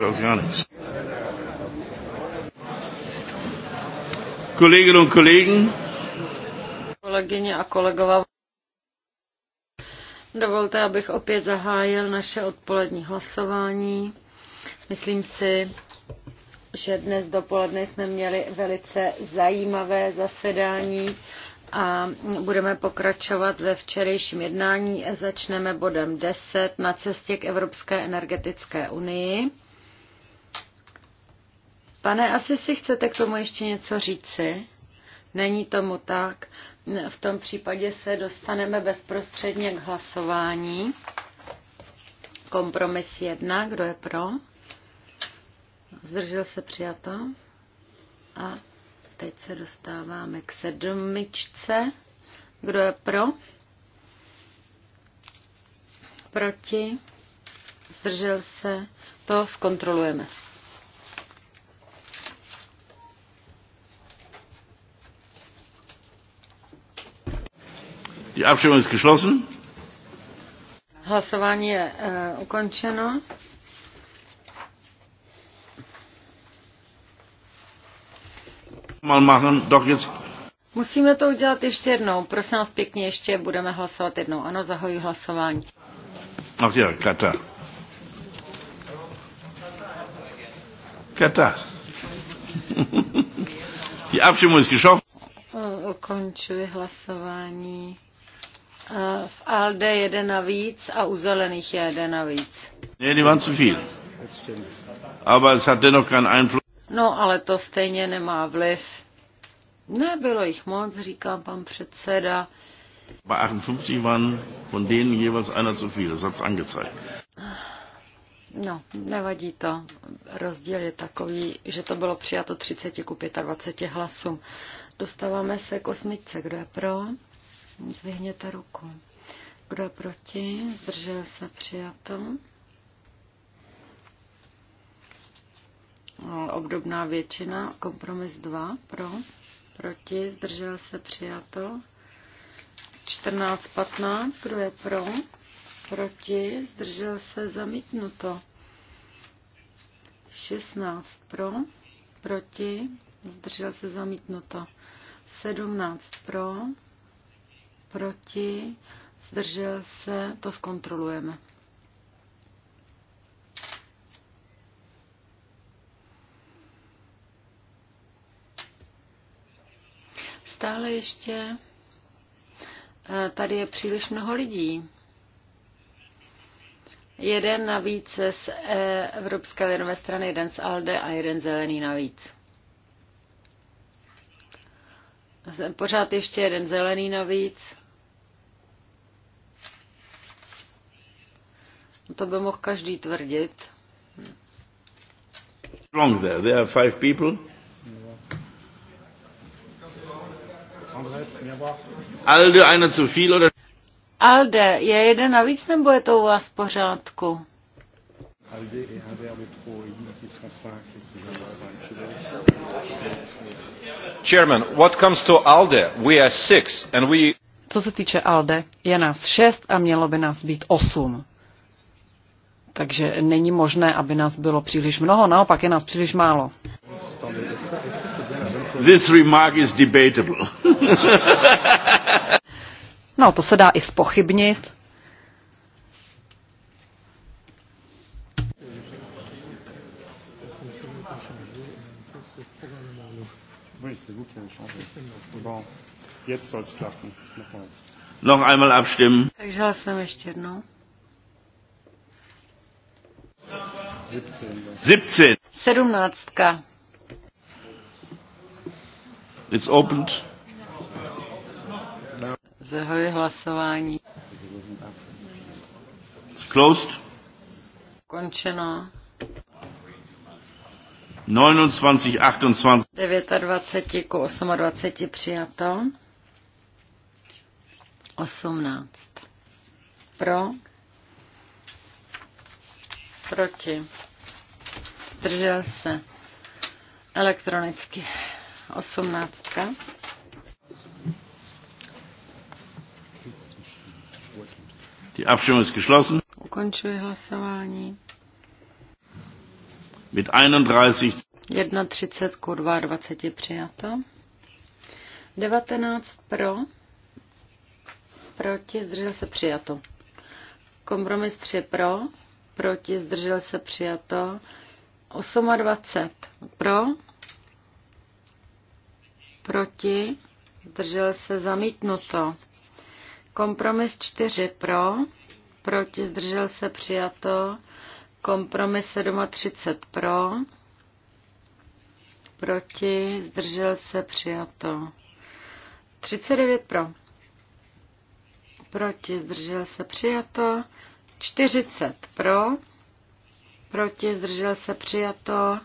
Rosianics. Kolleginnen und Kollegen. Kolegyně a kolegové, dovolte, abych opět zahájil naše odpolední hlasování. Myslím si, že dnes dopoledne jsme měli velice zajímavé zasedání a budeme pokračovat ve včerejším jednání. Začneme bodem 10 na cestě k Evropské energetické unii. Pane, asi si chcete k tomu ještě něco říci? Není tomu tak. V tom případě se dostaneme bezprostředně k hlasování. Kompromis jedna, kdo je pro? Zdržel se přijato. A teď se dostáváme k sedmičce. Kdo je pro? Proti? Zdržel se? To zkontrolujeme. Die Abstimmung ist geschlossen. Hlasování je uh, ukončeno. Mal machen, doch jetzt. Musíme to udělat ještě jednou. Prosím vás pěkně, ještě budeme hlasovat jednou. Ano, zahoji hlasování. Ach ja, Kata. Kata. Die Abstimmung ist geschafft. Eh, ukončuji hlasování. V ALDE jeden navíc a u zelených je jeden navíc. Jeden vám zu viel. Aber es hat dennoch keinen Einfluss. No, ale to stejně nemá vliv. Nebylo jich moc, říká pan předseda. Bei 58 waren von denen jeweils einer zu viel, das hat's angezeigt. No, nevadí to. Rozdíl je takový, že to bylo přijato 30 ku 25 hlasům. Dostáváme se k osmičce. Kdo je pro? prosím, zvihněte ruku. Kdo je proti? Zdržel se přijato. Obdobná většina, kompromis 2, pro, proti, zdržel se přijato. 14, 15, kdo je pro, proti, zdržel se zamítnuto. 16 pro, proti, zdržel se zamítnuto. 17 pro, proti, zdržel se, to zkontrolujeme. Stále ještě eh, tady je příliš mnoho lidí. Jeden navíc z eh, Evropské lidové strany, jeden z ALDE a jeden zelený navíc. Pořád ještě jeden zelený navíc. To by mohl každý tvrdit. Wrong there. There are five people. Alde, einer zu viel, oder? Alde, je jeden navíc, nebo je to u vás pořádku? Chairman, what comes to ALDE? We are six and we... Co se týče ALDE, je nás šest a mělo by nás být osm. Takže není možné, aby nás bylo příliš mnoho, naopak je nás příliš málo. This remark is debatable. no, to se dá i spochybnit. Noch einmal abstimmen. Ich lasse mich jetzt Noch ještě jednou. 17. 17. It's opened. Zahajuji hlasování. It's closed. Končeno. 29, 28. 29 ku 28 přijato. 18. Pro proti, zdržel se elektronicky. Osmnáctka. Die Abstimmung ist geschlossen. Ukončuji hlasování. Mit 31. 31 ku 22 přijato. 19 pro. Proti zdržel se přijato. Kompromis 3 pro proti, zdržel se přijato. 28 pro, proti, zdržel se zamítnuto. Kompromis 4 pro, proti, zdržel se přijato. Kompromis 37 pro, proti, zdržel se přijato. 39 pro, proti, zdržel se přijato. 40 pro, proti, zdržel se přijato.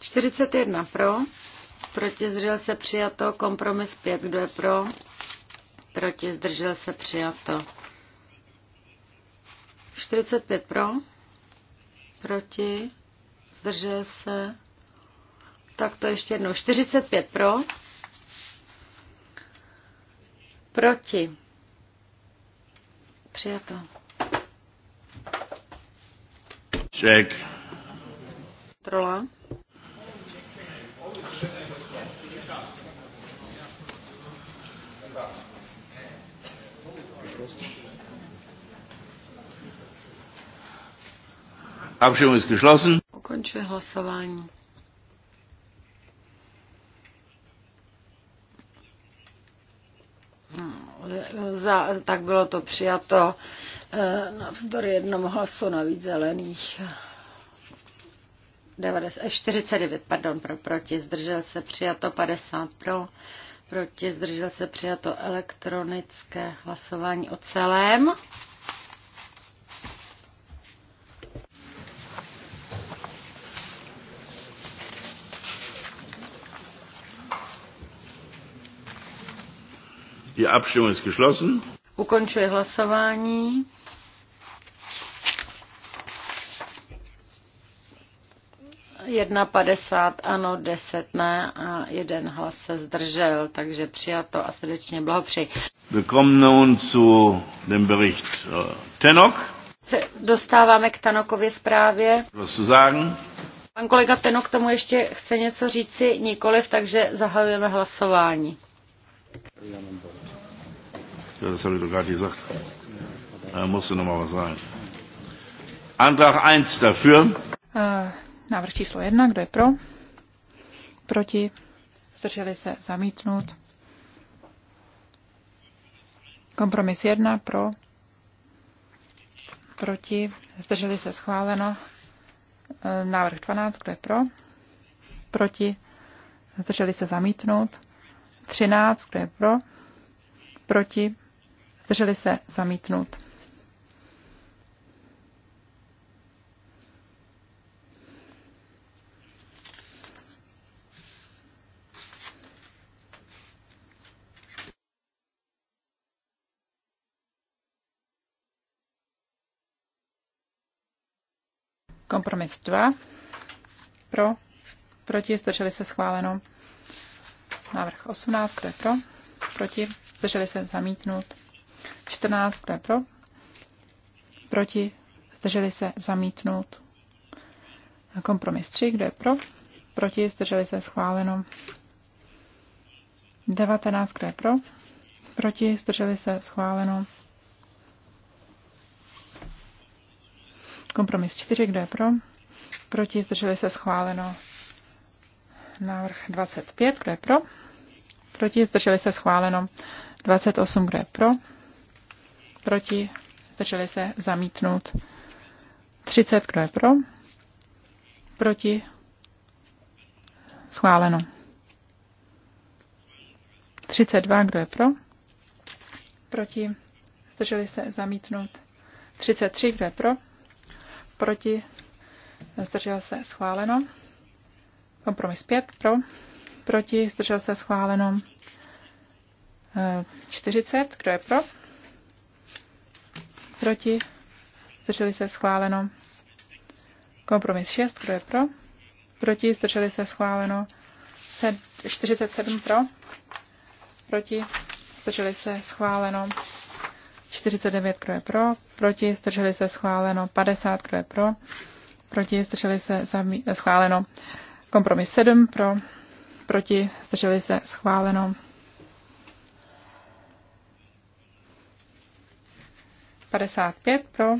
41 pro, proti zdržel se přijato, kompromis 5, kdo je pro, proti zdržel se přijato. 45 pro, proti, zdržel se, tak to ještě jednou, 45 pro, Proti. Přijato. Check. Trola. Abstimmung ist geschlossen. Ukončuje hlasování. za, tak bylo to přijato eh, na vzdor jednomu hlasu navíc zelených. 90, 49 eh, pardon, pro, proti, zdržel se přijato 50 pro, proti, zdržel se přijato elektronické hlasování o celém. Die Abstimmung ist geschlossen. Ukončuji hlasování. Jedna padesát ano, deset ne a jeden hlas se zdržel, takže přijato a srdečně blahopřeji. Wir kommen nun zu dem Bericht äh, Tenok. Se dostáváme k Tanokově zprávě. Was zu sagen? Pan kolega Tenok tomu ještě chce něco říci, nikoliv, takže zahajujeme hlasování. Ja, Ja, das habe ich doch gerade gesagt. Da er musste noch mal was sagen. Antrag 1 dafür. Äh, návrh číslo 1, kdo je pro? Proti? Zdrželi se zamítnout. Kompromis 1 pro. Proti? Zdrželi se schváleno. Äh, návrh 12, kdo je pro? Proti? Zdrželi se zamítnout. 13, kdo je pro? Proti? zdrželi se zamítnout. Kompromis 2. Pro. Proti. Zdrželi se schváleno. Návrh 18. Kdo je pro? Proti. Zdrželi se zamítnout. 14, kdo je pro? Proti? Zdrželi se zamítnout. Kompromis 3, kdo je pro? Proti? Zdrželi se schváleno. 19, kdo je pro? Proti? Zdrželi se schváleno. Kompromis 4, kdo je pro? Proti? Zdrželi se schváleno. Návrh 25, kdo je pro? Proti? Zdrželi se schváleno. 28, kdo je pro? proti, zdrželi se zamítnout. 30, kdo je pro, proti, schváleno. 32, kdo je pro, proti, zdrželi se zamítnout. 33, kdo je pro, proti, zdržel se schváleno. Kompromis 5 pro, proti, zdržel se schváleno. 40, eh, kdo je pro? proti, zdrželi se schváleno. Kompromis 6, kdo je pro, proti, zdrželi se schváleno. 47 pro, proti, zdrželi se schváleno. 49, kdo je pro, proti, zdrželi se schváleno. 50, kdo je pro, proti, zdrželi se zamí- schváleno. Kompromis 7 pro, proti, zdrželi se schváleno. 55 pro,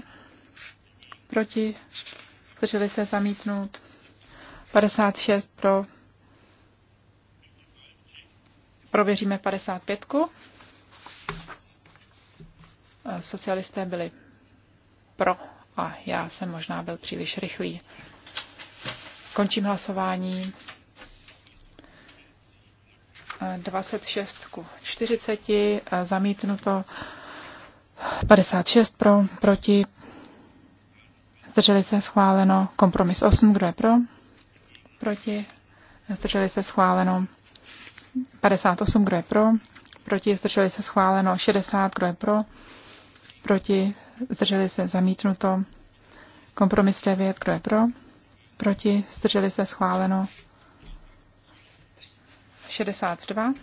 proti, zdrželi se zamítnout. 56 pro, prověříme 55. Socialisté byli pro a já jsem možná byl příliš rychlý. Končím hlasování. 26 ku 40, zamítnuto 56 pro, proti, zdrželi se schváleno. Kompromis 8, kdo je pro, proti, zdrželi se schváleno. 58, kdo je pro, proti, zdrželi se schváleno. 60, kdo je pro, proti, zdrželi se zamítnuto. Kompromis 9, kdo je pro, proti, zdrželi se schváleno. 62.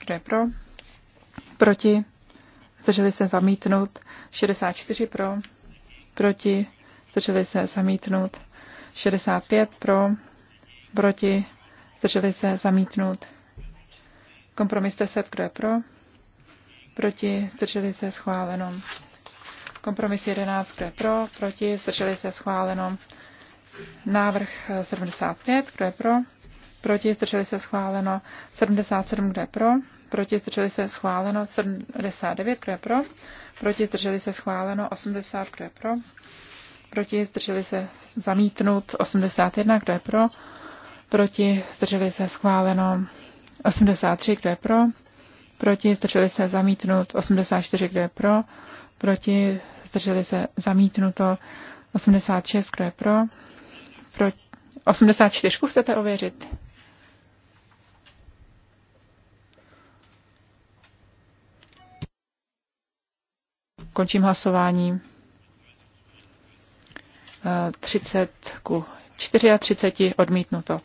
Kdo je pro? proti, zdrželi se zamítnout, 64 pro, proti, zdrželi se zamítnout, 65 pro, proti, zdrželi se zamítnout. Kompromis 10, kdo je pro, proti, zdrželi se schváleno. Kompromis 11, kdo je pro, proti, zdrželi se schváleno. Návrh 75, kdo je pro, proti, zdrželi se schváleno. 77, kdo je pro, proti zdrželi se schváleno 79, kdo je pro, proti zdrželi se schváleno 80, kdo je pro, proti zdrželi se zamítnut 81, kdo je pro, proti zdrželi se schváleno 83, kdo je pro, proti zdrželi se zamítnut 84, kdo je pro, proti zdrželi se zamítnuto 86, kdo je pro, proti 84 chcete ověřit? Končím hlasování. 30 ku 34 odmítnuto.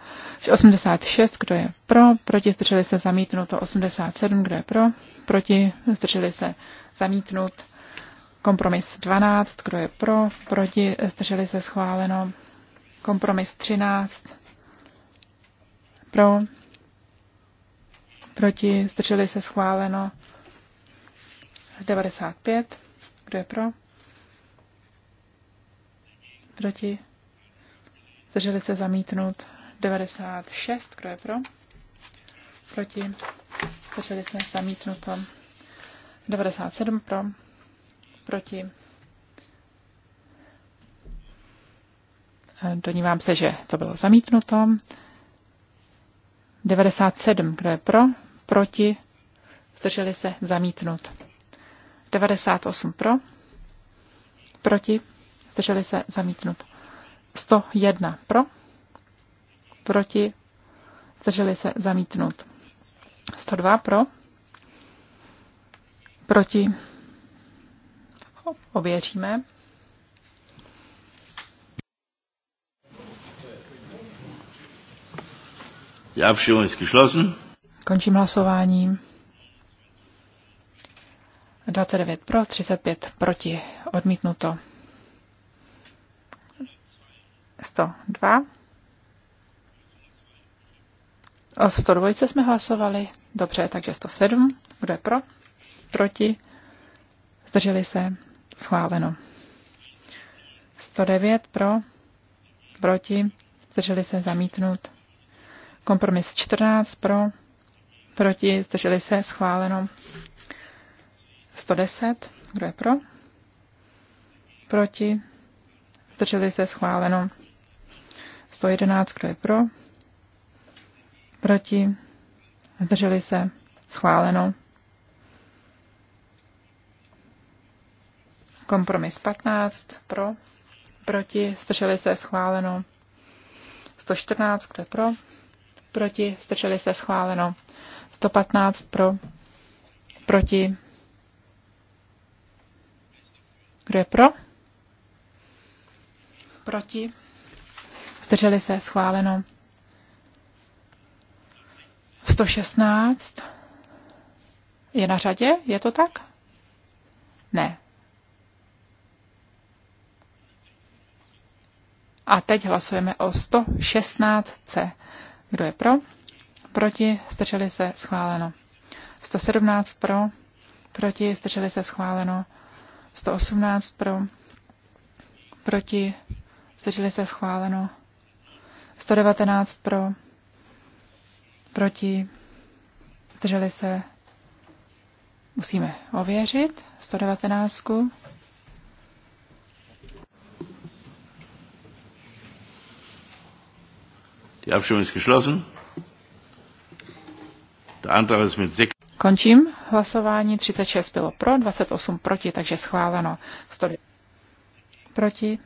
86, kdo je pro, proti zdrželi se zamítnuto. 87, kdo je pro, proti zdrželi se zamítnut. Kompromis 12, kdo je pro, proti zdrželi se schváleno. Kompromis 13, pro, proti zdrželi se schváleno. 95 kdo je pro? Proti? Zdrželi se zamítnout 96. Kdo je pro? Proti? Zdrželi se zamítnout 97 pro? Proti? Eh, Donívám se, že to bylo zamítnuto. 97. Kdo je pro? Proti? Zdrželi se zamítnout. 98 pro, proti, zdrželi se zamítnut. 101 pro, proti, zdrželi se zamítnut. 102 pro, proti, ověříme. Já Abstimmung ist Končím hlasováním. 29 pro, 35 proti, odmítnuto. 102. O 102 jsme hlasovali. Dobře, takže 107. Kdo je pro? Proti? Zdrželi se? Schváleno. 109 pro? Proti? Zdrželi se? Zamítnut. Kompromis 14 pro? Proti? Zdrželi se? Schváleno. 110. Kdo je pro? Proti? Zdrželi se schváleno. 111. Kdo je pro? Proti? Zdrželi se schváleno. Kompromis 15. Pro? Proti? Zdrželi se schváleno. 114. Kdo je pro? Proti? Zdrželi se schváleno. 115 pro, proti, kdo je pro? Proti? Zdrželi se, schváleno. 116 je na řadě, je to tak? Ne. A teď hlasujeme o 116C. Kdo je pro? Proti, zdrželi se, schváleno. 117 pro, proti, zdrželi se, schváleno. 118 pro, proti, zdrželi se schváleno. 119 pro, proti, zdrželi se, musíme ověřit, 119. Die Abstimmung ist geschlossen. Der Antrag ist mit 6 Končím hlasování. 36 bylo pro, 28 proti, takže schváleno. 100 proti.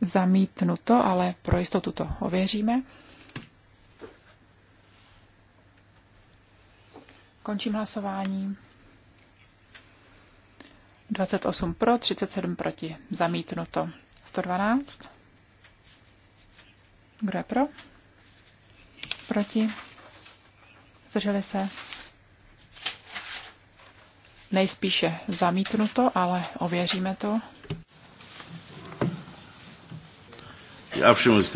Zamítnuto, ale pro jistotu to ověříme. Končím hlasování. 28 pro, 37 proti. Zamítnuto. 112. Kdo je pro? Proti zdrželi se. Nejspíše zamítnuto, ale ověříme to. Die Abstimmung ist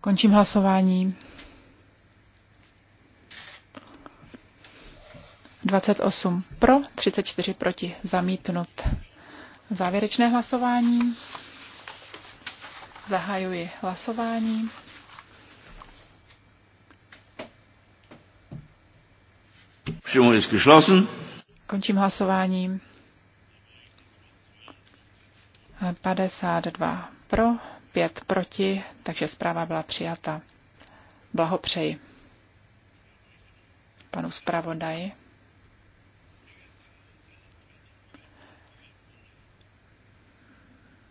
Končím hlasování. 28 pro, 34 proti, zamítnut. Závěrečné hlasování. Zahajuji hlasování. ist geschlossen. Končím hlasováním. 52 pro, 5 proti, takže zpráva byla přijata. Blahopřeji panu zpravodaji.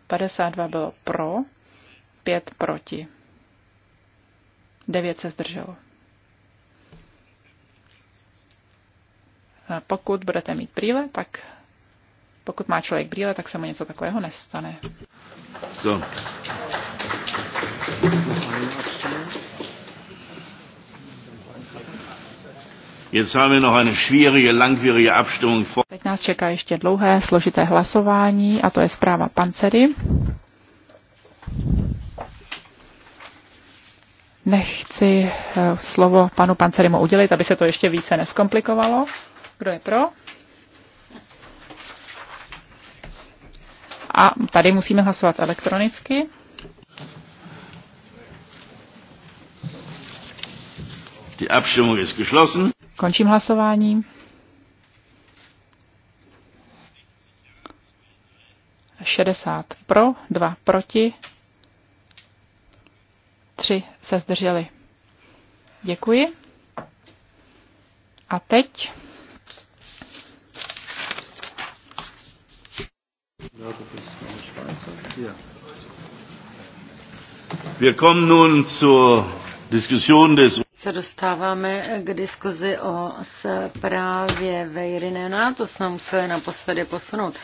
Padesát dva bylo pro, pět proti. Devět se zdrželo. pokud budete mít brýle, tak pokud má člověk brýle, tak se mu něco takového nestane. So. Teď nás čeká ještě dlouhé, složité hlasování a to je zpráva Pancery. Nechci eh, slovo panu Pancerimu udělit, aby se to ještě více neskomplikovalo. Kdo je pro? A tady musíme hlasovat elektronicky. Die Abstimmung ist geschlossen. Končím hlasování. 60 pro, dva proti, tři se zdrželi. Děkuji. A teď Se dostáváme k diskuzi o zprávě Vejrinena, to jsme museli naposledy posunout,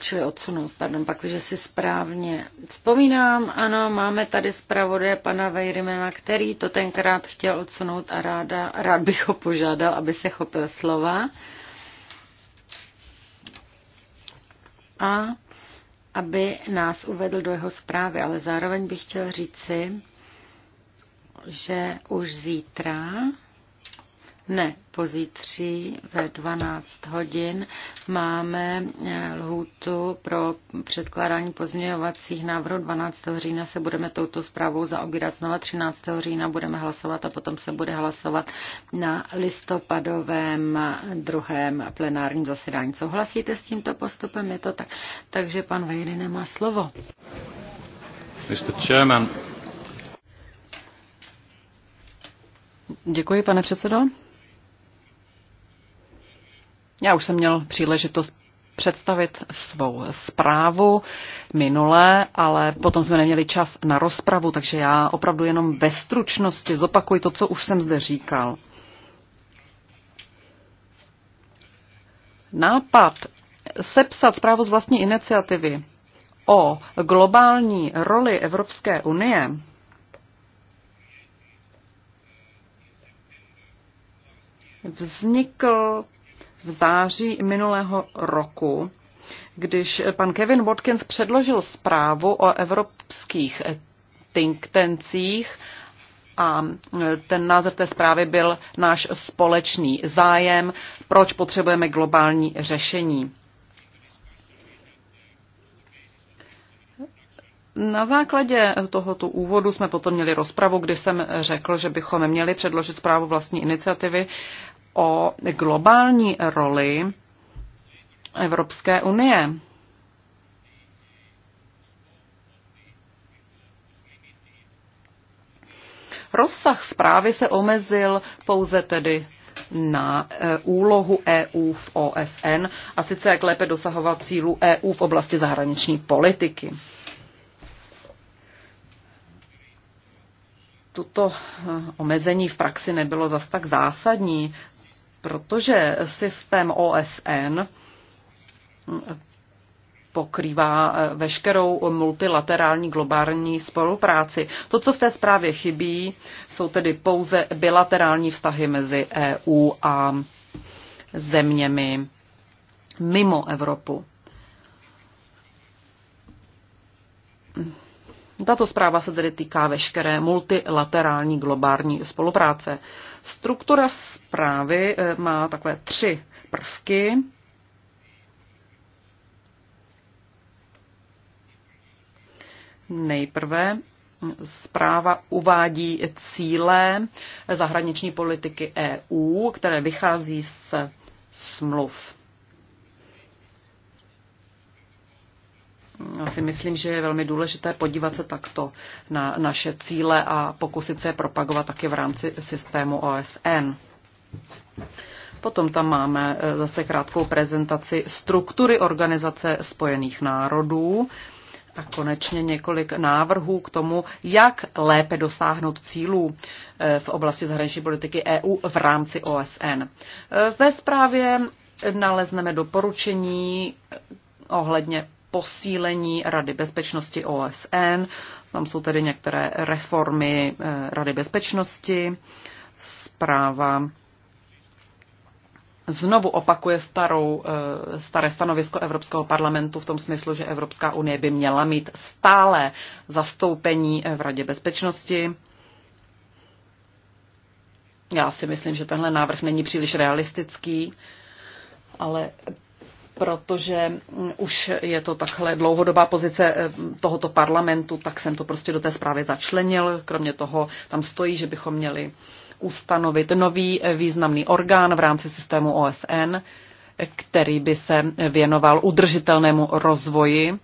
čili odsunout, pardon, pak, když si správně vzpomínám, ano, máme tady zpravodaje pana Vejrimena, který to tenkrát chtěl odsunout a ráda, rád bych ho požádal, aby se chopil slova. a aby nás uvedl do jeho zprávy. Ale zároveň bych chtěl říci, že už zítra ne, pozítří ve 12 hodin máme eh, lhůtu pro předkládání pozměňovacích návrhů. 12. října se budeme touto zprávou zaobírat znova. 13. října budeme hlasovat a potom se bude hlasovat na listopadovém druhém plenárním zasedání. Souhlasíte s tímto postupem? Je to tak. Takže pan Vejry nemá slovo. Mr. Chairman. Děkuji, pane předsedo. Já už jsem měl příležitost představit svou zprávu minulé, ale potom jsme neměli čas na rozpravu, takže já opravdu jenom ve stručnosti zopakuji to, co už jsem zde říkal. Nápad sepsat zprávu z vlastní iniciativy o globální roli Evropské unie vznikl v září minulého roku, když pan Kevin Watkins předložil zprávu o evropských think tancích a ten název té zprávy byl náš společný zájem, proč potřebujeme globální řešení. Na základě tohoto úvodu jsme potom měli rozpravu, kdy jsem řekl, že bychom měli předložit zprávu vlastní iniciativy o globální roli Evropské unie. Rozsah zprávy se omezil pouze tedy na eh, úlohu EU v OSN a sice jak lépe dosahovat cílů EU v oblasti zahraniční politiky. Tuto eh, omezení v praxi nebylo zas tak zásadní, protože systém OSN pokrývá eh, veškerou multilaterální globální spolupráci. To, co v té zprávě chybí, jsou tedy pouze bilaterální vztahy mezi EU a zeměmi mimo Evropu. Tato zpráva se tedy týká veškeré multilaterální globální spolupráce. Struktura zprávy eh, má takové tři prvky. Nejprve hm, Zpráva uvádí cíle zahraniční politiky EU, které vychází z smluv. si myslím, že je velmi důležité podívat se takto na naše cíle a pokusit se je propagovat taky v rámci systému OSN. Potom tam máme eh, zase krátkou prezentaci struktury Organizace spojených národů a konečně několik návrhů k tomu, jak lépe dosáhnout cílů eh, v oblasti zahraniční politiky EU v rámci OSN. Eh, ve zprávě nalezneme doporučení ohledně posílení Rady bezpečnosti OSN. Tam jsou tedy některé reformy eh, Rady bezpečnosti. Zpráva znovu opakuje starou, eh, staré stanovisko Evropského parlamentu v tom smyslu, že Evropská unie by měla mít stále zastoupení eh, v Radě bezpečnosti. Já si myslím, že tenhle návrh není příliš realistický, ale protože mm, už je to takhle dlouhodobá pozice eh, tohoto parlamentu, tak jsem to prostě do té zprávy začlenil. Kromě toho tam stojí, že bychom měli ustanovit nový eh, významný orgán v rámci systému OSN, který by se věnoval udržitelnému rozvoji.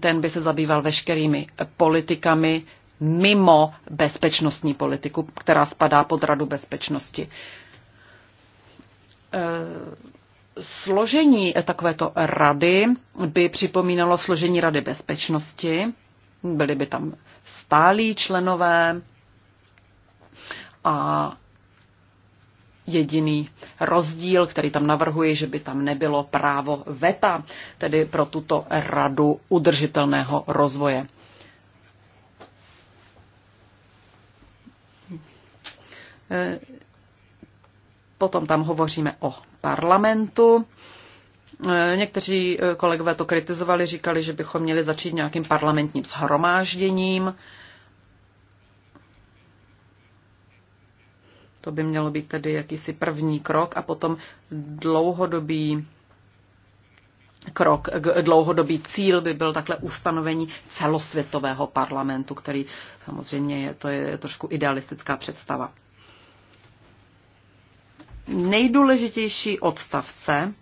Ten by se zabýval veškerými politikami mimo bezpečnostní politiku, která spadá pod Radu bezpečnosti eh, Složení takovéto rady by připomínalo složení Rady bezpečnosti. byly by tam stálí členové a jediný rozdíl, který tam navrhuji, že by tam nebylo právo VETA, tedy pro tuto radu udržitelného rozvoje. E, potom tam hovoříme o parlamentu. Eh, někteří eh, kolegové to kritizovali, říkali, že bychom měli začít nějakým parlamentním shromážděním. To by mělo být tedy jakýsi první krok a potom dlouhodobý krok, dlouhodobý cíl by byl takhle ustanovení celosvětového parlamentu, který samozřejmě je, to je trošku idealistická představa nejdůležitější odstavce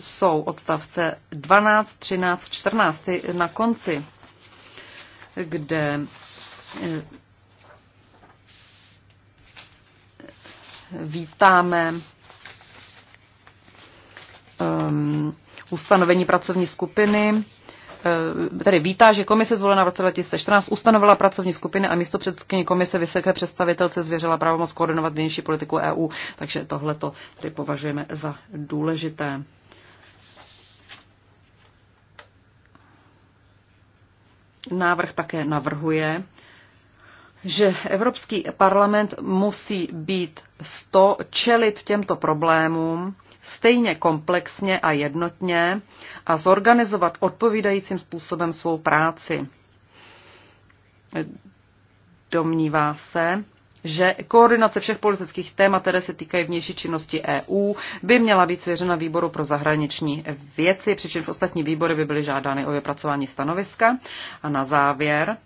jsou odstavce 12, 13, 14 na konci, kde eh, vítáme um, ustanovení pracovní skupiny Eh, tedy vítá, že komise zvolená v roce 2014 ustanovila pracovní skupiny a místo předsedkyně komise vysoké představitelce zvěřila pravomoc koordinovat vnější politiku EU. Takže tohle to tedy považujeme za důležité. Návrh také navrhuje, že Evropský parlament musí být sto čelit těmto problémům stejně komplexně a jednotně a zorganizovat odpovídajícím způsobem svou práci. Domnívá se, že koordinace všech politických témat, které se týkají vnější činnosti EU, by měla být svěřena výboru pro zahraniční věci, přičemž ostatní výbory by byly žádány o vypracování stanoviska. A na závěr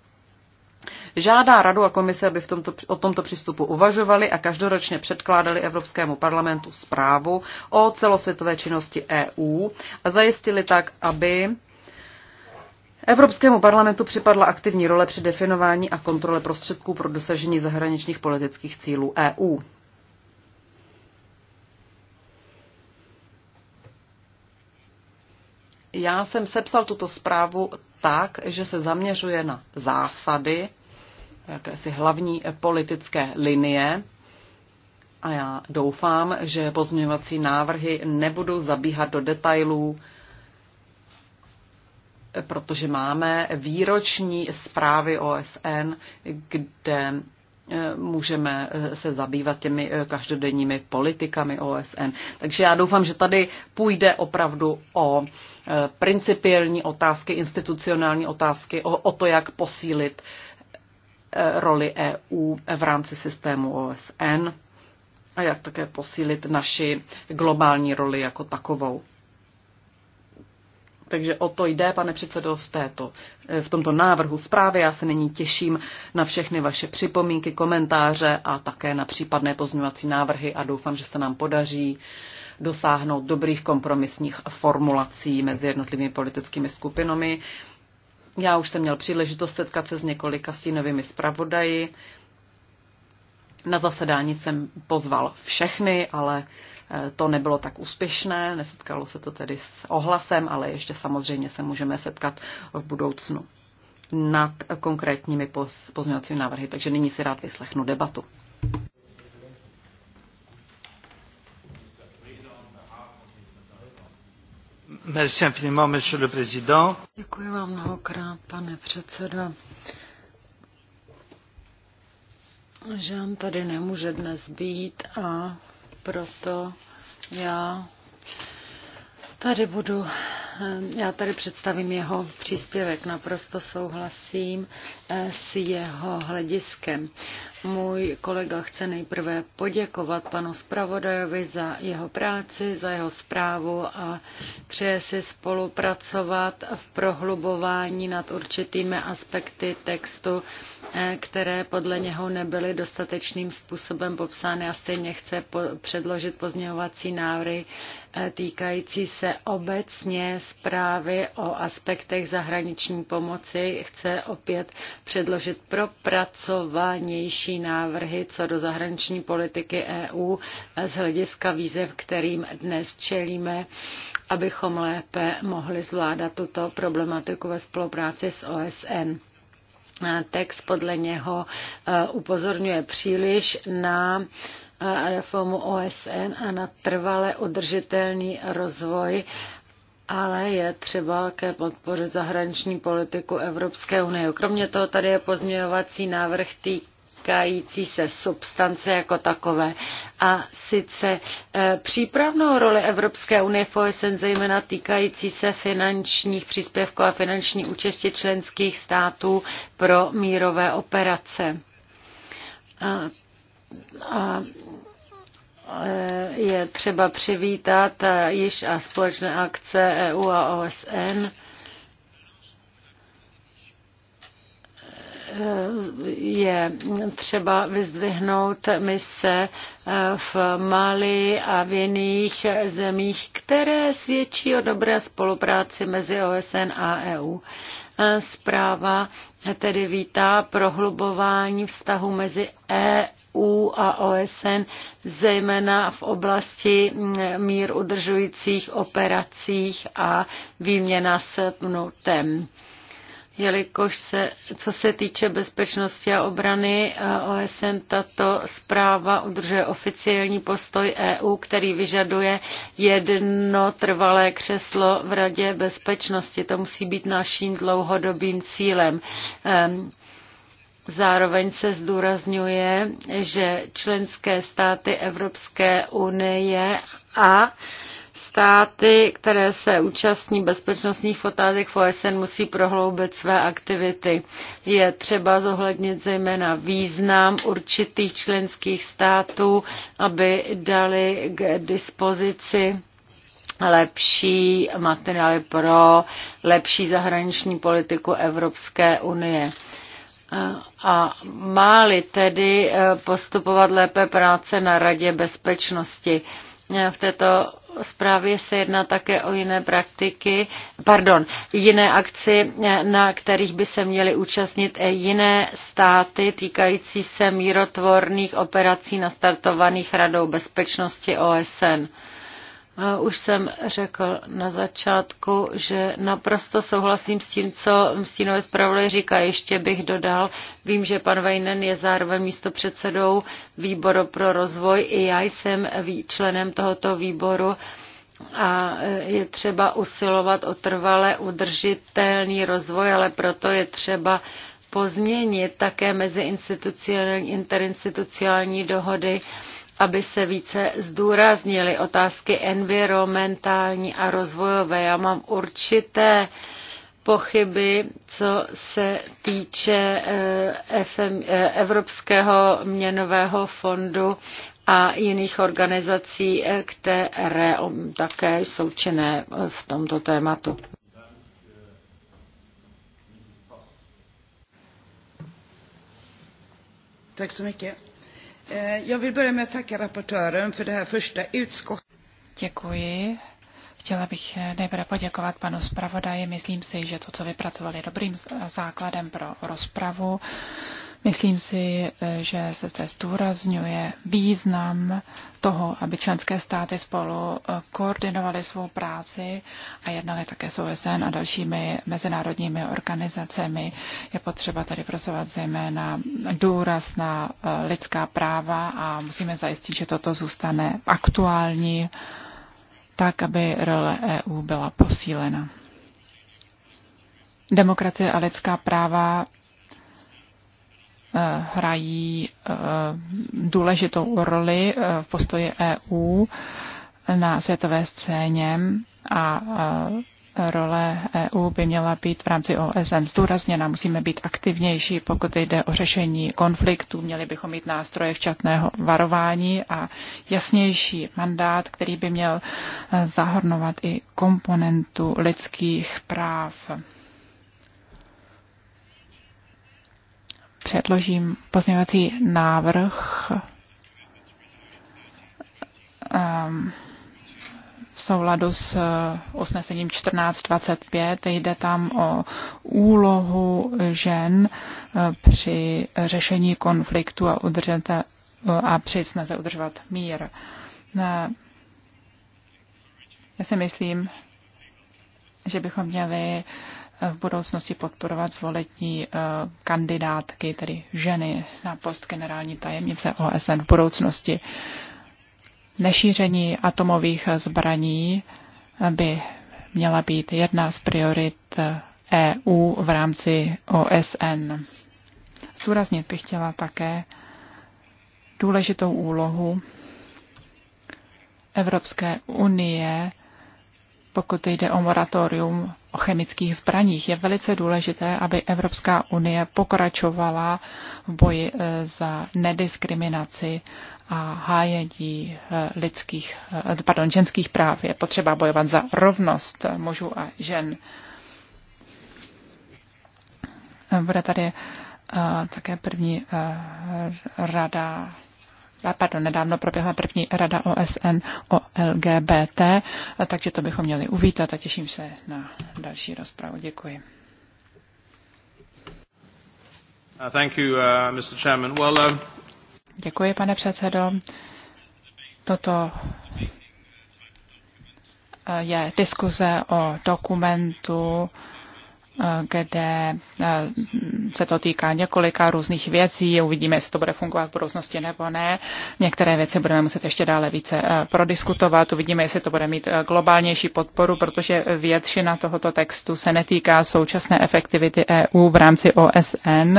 Žádá radu a komise, aby v tomto, o tomto přístupu uvažovali a každoročně předkládali Evropskému parlamentu zprávu o celosvětové činnosti EU a zajistili tak, aby Evropskému parlamentu připadla aktivní role při definování a kontrole prostředků pro dosažení zahraničních politických cílů EU. Já jsem sepsal tuto zprávu tak, že se zaměřuje na zásady, jakési hlavní politické linie. A já doufám, že pozměňovací návrhy nebudou zabíhat do detailů, protože máme výroční zprávy OSN, kde můžeme eh, se zabývat těmi eh, každodenními politikami OSN. Takže já doufám, že tady půjde opravdu o eh, principiální otázky, institucionální otázky, o, o to, jak posílit roli EU v rámci systému OSN a jak také posílit naši globální roli jako takovou. Takže o to jde, pane předsedo, v, této, v tomto návrhu zprávy. Já se nyní těším na všechny vaše připomínky, komentáře a také na případné pozměňovací návrhy a doufám, že se nám podaří dosáhnout dobrých kompromisních formulací mezi jednotlivými politickými skupinami. Já už jsem měl příležitost setkat se s několika stínovými zpravodaji. Na zasedání jsem pozval všechny, ale to nebylo tak úspěšné, nesetkalo se to tedy s ohlasem, ale ještě samozřejmě se můžeme setkat v budoucnu nad konkrétními pozměňovacími návrhy. Takže nyní si rád vyslechnu debatu. Děkuji vám mnohokrát, pane předsedo. Žán tady nemůže dnes být a proto já tady budu, já tady představím jeho příspěvek, naprosto souhlasím eh, s jeho hlediskem. Můj kolega chce nejprve poděkovat panu zpravodajovi za jeho práci, za jeho zprávu a přeje si spolupracovat v prohlubování nad určitými aspekty textu, eh, které podle něho nebyly dostatečným způsobem popsány a stejně chce po- předložit pozměňovací návrhy eh, týkající se obecně zprávy o aspektech zahraniční pomoci. Chce opět předložit propracovanější další návrhy co do zahraniční politiky EU z hlediska výzev, kterým dnes čelíme, abychom lépe mohli zvládat tuto problematiku ve spolupráci s OSN text podle něho e, upozorňuje příliš na e, reformu OSN a na trvale udržitelný rozvoj, ale je třeba ke podpoře zahraniční politiku Evropské unie. Kromě toho tady je pozměňovací návrh týk týkající se substance jako takové. A sice e, přípravnou roli Evropské unie v OSN, zejména týkající se finančních příspěvků a finanční účasti členských států pro mírové operace. A, a, e, je třeba přivítat e, již a společné akce EU a OSN Eh, je třeba vyzdvihnout mise eh, v Mali a v jiných zemích, které svědčí o dobré spolupráci mezi OSN a EU. Eh, zpráva tedy vítá prohlubování vztahu mezi EU a OSN, zejména v oblasti mm, mír udržujících operacích a výměna se vnutem jelikož se, co se týče bezpečnosti a obrany eh, OSN, tato zpráva udržuje oficiální postoj EU, který vyžaduje jedno trvalé křeslo v Radě bezpečnosti. To musí být naším dlouhodobým cílem. Ehm, zároveň se zdůrazňuje, že členské státy Evropské unie a Státy, které se účastní bezpečnostních otázek v OSN, musí prohloubit své aktivity. Je třeba zohlednit zejména význam určitých členských států, aby dali k dispozici lepší materiály pro lepší zahraniční politiku Evropské unie. A máli tedy eh, postupovat lépe práce na Radě bezpečnosti. V této zprávě se jedná také o jiné praktiky, pardon, jiné akci, eh, na kterých by se měly účastnit eh, jiné státy týkající se mírotvorných operací nastartovaných Radou bezpečnosti OSN. Už jsem řekl na začátku, že naprosto souhlasím s tím, co stínové zpravodaj říká. Ještě bych dodal, vím, že pan Vejnen je zároveň místopředsedou výboru pro rozvoj. I já jsem členem tohoto výboru a e, je třeba usilovat o trvale udržitelný rozvoj, ale proto je třeba pozměnit také mezi interinstitucionální dohody, aby se více zdůraznily otázky environmentální a rozvojové. Já mám určité pochyby, co se týče eh, FM, eh, Evropského měnového fondu a jiných organizací, eh, které um, také jsou činné v tomto tématu. Tak så mycket. Eh, Já vill börja med att tacka rapportören för det här första utskottet. Děkuji. Chtěla bych eh, nejprve poděkovat panu zpravodaji. Myslím si, že to, co vypracovali, je dobrým základem pro rozpravu. Myslím si, eh, že se zde zdůrazňuje význam toho, aby členské státy spolu eh, koordinovaly svou práci a jednaly také s OSN a dalšími mezinárodními organizacemi. Je potřeba tady prosovat zejména důraz na eh, lidská práva a musíme zajistit, že toto zůstane aktuální, tak aby role EU byla posílena. Demokracie a lidská práva Eh, hrají eh, důležitou roli eh, v postoji EU na světové scéně a role EU by měla být v rámci OSN zdůrazněna. Musíme být aktivnější, pokud jde o řešení konfliktů. Měli bychom mít nástroje včasného varování a jasnější mandát, který by měl zahrnovat i komponentu lidských práv. předložím pozměňovací návrh ehm, v souladu s eh, usnesením 1425. Jde tam o úlohu žen eh, při řešení konfliktu a, udržet, eh, a při snaze udržovat mír. Já si myslím, že bychom měli v budoucnosti podporovat zvolení eh, kandidátky, tedy ženy na post generální tajemnice OSN v budoucnosti. Nešíření atomových zbraní eh, by měla být jedna z priorit EU eh, e v rámci OSN. Zdůraznit bych chtěla také důležitou úlohu Evropské unie pokud jde o moratorium o chemických zbraních. Je velice důležité, aby Evropská unie pokračovala v boji e, za nediskriminaci a hájení e, lidských, e, pardon, ženských práv. Je potřeba bojovat za rovnost mužů a žen. Bude tady také první rada pardon, nedávno proběhla první rada OSN o LGBT, takže to bychom měli uvítat a těším se na další rozpravu. Děkuji. Uh, thank you, uh, Mr. Chairman. Well, uh... Děkuji, pane předsedo. Toto uh, je diskuze o dokumentu, kde eh, se to týká několika různých věcí. Uvidíme, jestli to bude fungovat v budoucnosti nebo ne. Některé věci budeme muset ještě dále více eh, prodiskutovat. Uvidíme, jestli to bude mít eh, globálnější podporu, protože většina tohoto textu se netýká současné efektivity EU v rámci OSN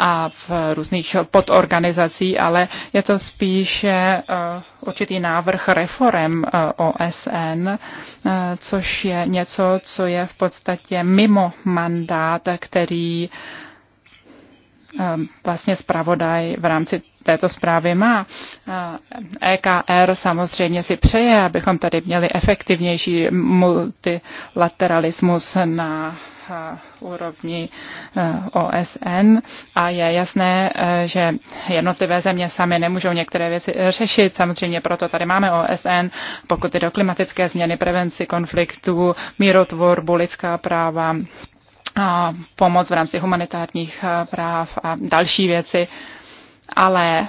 a v různých podorganizací, ale je to spíše eh, určitý návrh reform eh, OSN, eh, což je něco, co je v podstatě mimo mandát, který vlastně zpravodaj v rámci této zprávy má. EKR e samozřejmě si přeje, abychom tady měli efektivnější multilateralismus na Eh, úrovni eh, OSN a je jasné, eh, že jednotlivé země sami nemůžou některé věci řešit. Samozřejmě proto tady máme OSN, pokud jde o klimatické změny, prevenci konfliktů, mírotvorbu, lidská práva, pomoc v rámci humanitárních práv a další věci. Ale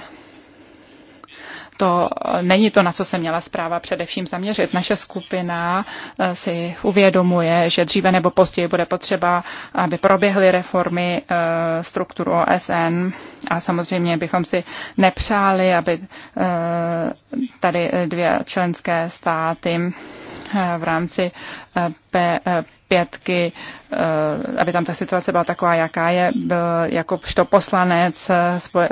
to není to, na co se měla zpráva především zaměřit. Naše skupina eh, si uvědomuje, že dříve nebo později bude potřeba, aby proběhly reformy eh, strukturu OSN a samozřejmě bychom si nepřáli, aby eh, tady dvě členské státy v rámci eh, P5, eh, eh, aby tam ta situace byla taková, jaká je. Byl to poslanec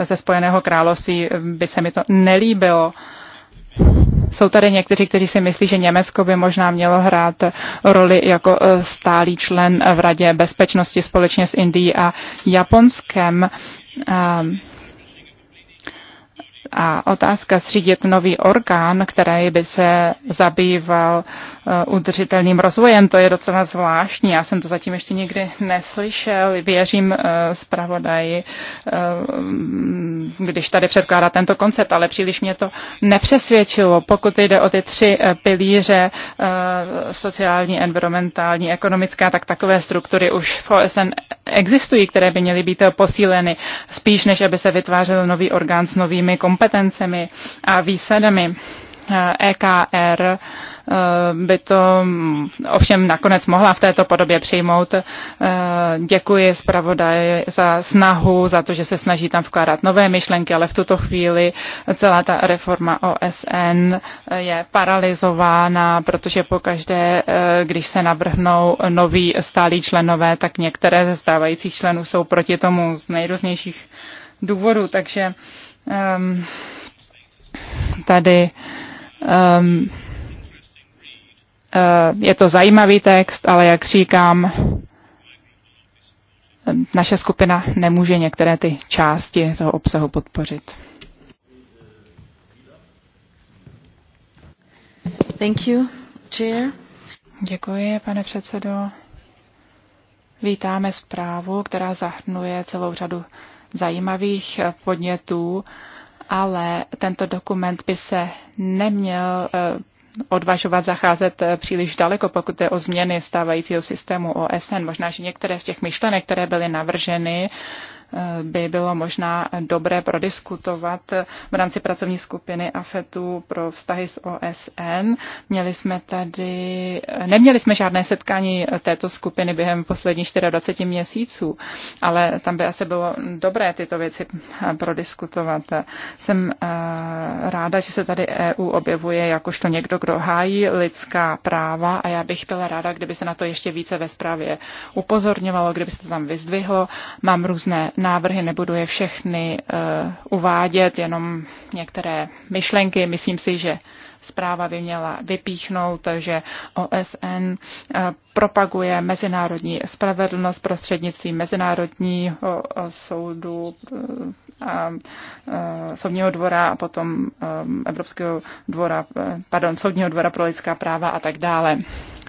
ze Spojeného království by se mi to nelíbilo. Jsou tady někteří, kteří si myslí, že Německo by možná mělo hrát roli jako stálý člen v Radě bezpečnosti společně s Indií a Japonskem. Ehm, a otázka zřídit nový orgán, který by se zabýval eh, udržitelným rozvojem, to je docela zvláštní. Já jsem to zatím ještě nikdy neslyšel. Věřím eh, zpravodaji, eh, když tady předkládá tento koncept, ale příliš mě to nepřesvědčilo. Pokud jde o ty tři pilíře, sociální, environmentální, ekonomická, tak takové struktury už v OSN existují, které by měly být posíleny spíš, než aby se vytvářel nový orgán s novými komponenty kompetencemi a výsadami. EKR eh, e eh, by to mm, ovšem nakonec mohla v této podobě přijmout. Eh, děkuji zpravodaj za snahu, za to, že se snaží tam vkládat nové myšlenky, ale v tuto chvíli celá ta reforma OSN je paralizována, protože pokaždé, když se navrhnou noví stálí členové, tak některé ze stávajících členů jsou proti tomu z nejrůznějších důvodů, takže um, tady um, uh, je to zajímavý text, ale jak říkám, naše skupina nemůže některé ty části toho obsahu podpořit. Thank you, chair. Děkuji, pane předsedo. Vítáme zprávu, která zahrnuje celou řadu zajímavých eh, podnětů, ale tento dokument by se neměl eh, odvažovat zacházet eh, příliš daleko, pokud je o změny stávajícího systému OSN. Možná, že některé z těch myšlenek, které byly navrženy, by bylo možná dobré prodiskutovat v rámci pracovní skupiny AFETu pro vztahy s OSN. Měli jsme tady, neměli jsme žádné setkání této skupiny během posledních 24 měsíců, ale tam by asi bylo dobré tyto věci prodiskutovat. Jsem eh, ráda, že se tady EU objevuje jakožto někdo, kdo hájí lidská práva a já bych byla ráda, kdyby se na to ještě více ve zprávě upozorňovalo, kdyby se to tam vyzdvihlo. Mám různé návrhy, nebudu je všechny eh, uvádět, jenom některé myšlenky. Myslím si, že zpráva by měla vypíchnout, že OSN eh, propaguje mezinárodní spravedlnost prostřednictvím Mezinárodního eh, soudu, a soudního dvora a potom Evropského dvora, pardon, soudního dvora pro lidská práva a tak dále.